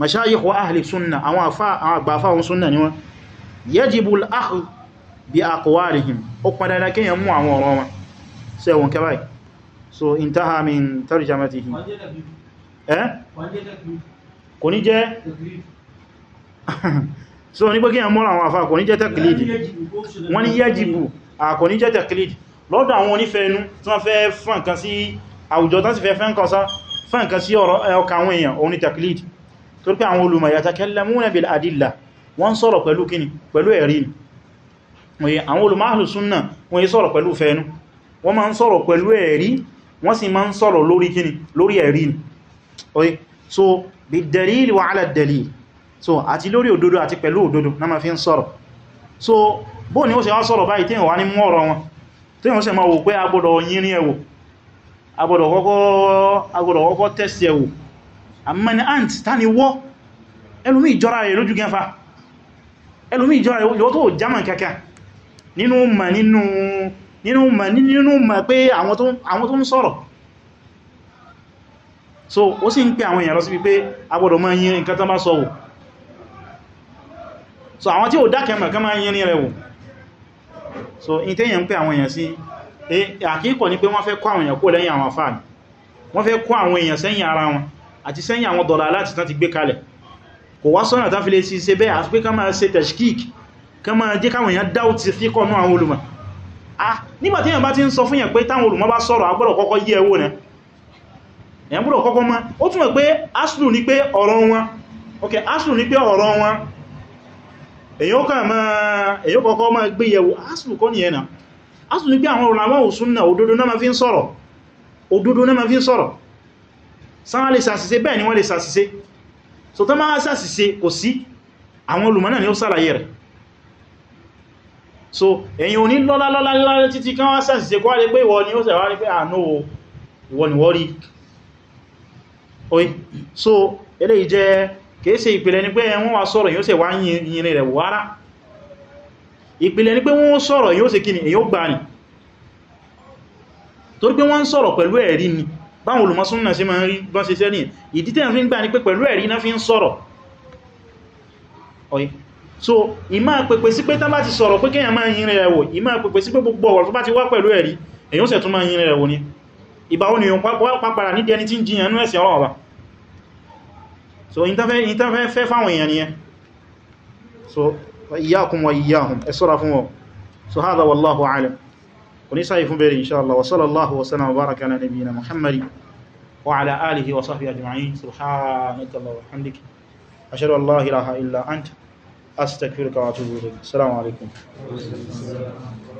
mashayikh wa ahli sunna àwọn àgbàfà wọn sunna ni wọn yajibu al-akhdh bi aqwalihim ó padà dákẹ́ kò ní jẹ́ [LAUGHS] so ní pé kí àmọ́ra àwọn àfà kò ní jẹ́ taklid wọ́n ní yajibu a kò ní jẹ́ taklid lọ́dọ̀ àwọn onífẹ́ẹnú tí wọ́n fẹ́ fẹ́ǹkan sí àwùjọ tán sì fẹ́ fẹ́ǹkan sí ọkà àwọn èèyàn òní taklid torí pé àwọn olùmọ̀ yatakallamuna bil adilla wọ́n sọ̀rọ̀ pẹ̀lú kíni pẹ̀lú ẹ̀rí ni àwọn olùmọ̀ ahlu sunna wọ́n yí sọ̀rọ̀ pẹ̀lú fẹ́ẹnú wọ́n máa ń so àti lórí òdodo àti pẹ̀lú òdodo na ma fi ń sọ̀rọ̀ so bó ni ó se wá sọ̀rọ̀ báyìí tí wà ní mú ọ̀rọ̀ wọn tí wọ́n se ma wò pé agbọ́dọ̀ yínrín agbọ́dọ̀ kọ́kọ́ tẹ́sì so ó sì ń pè àwọn èèyàn sí agbọ́dọ̀ mọ́ nǹkan tán bá sọ wò so àwọn tí ó dákẹ̀mọ̀ kan máa ń yẹni rẹ̀ so in tẹ́yẹ̀ ń pẹ àwọn èèyàn sí e, àkíkọ̀ ní pé wọ́n fẹ́ kó àwọn èèyàn kó lẹ́yìn àwọn afáàni wọ́n fẹ́ kó àwọn èèyàn sẹ́yìn ara wọn àti sẹ́yìn àwọn dọ̀là láti tán ti gbé kalẹ̀ kò wá sọ́nà tá fi lè sí ṣe bẹ́ẹ̀ àti pé ká máa ṣe tashkik ah nígbà tí èèyàn bá ti ń sọ fún yẹn pé táwọn olùmọ̀ bá sọ̀rọ̀ agbọ́dọ̀ kọ́kọ́ yí ni pé ọ̀rọ̀ wọn ok ni pé ọ̀rọ̀ èyàn kà máa èyàn kọ̀kọ́ máa gbé yẹ̀wò asùlù kọ́ nìyẹn náà asùlù ní pé àwọn ulama fi ń sọ̀rọ̀ náà fi ń sọ̀rọ̀ sáwọn so tó máa sàṣìṣe kò sí àwọn olùmọ̀ ni ó sàlàyé rẹ̀ so ní lọ́lá lọ́lá lọ́lá títí kan wá sàṣìṣe kó wá lè pé ìwọ ni ó rí pé ìwọ ni wọ́n rí so kìí ìpìlẹ̀ ni pé wọ́n wá sọ̀rọ̀ yóò ṣe wá yìnyìn rẹ̀ wára ìpìlẹ̀ ni pé wọ́n sọ̀rọ̀ yóò ṣe kíni èyí ó gbà ní torí pé wọ́n sọ̀rọ̀ pẹ̀lú ẹ̀rí ni báwọn olùmọ́súnnà ma ń rí bọ́n so ìmá so ìtànfẹ́ fẹ́ fáwọn èèyàn ni ẹ so iyyakum wa iyyahum ẹ ṣọ́ra fún wọn so hadha wallahu alam kò ní sáyé fún bẹ̀rẹ̀ inṣáàlá wa sallallahu wa sallam wa baraka ala nabiyyina muhammadi wa ala alihi wa sahbihi ajma'in subhanaka wa hamdika ashhadu an la ilaha illa anta astaghfiruka wa atubu assalamu alaikum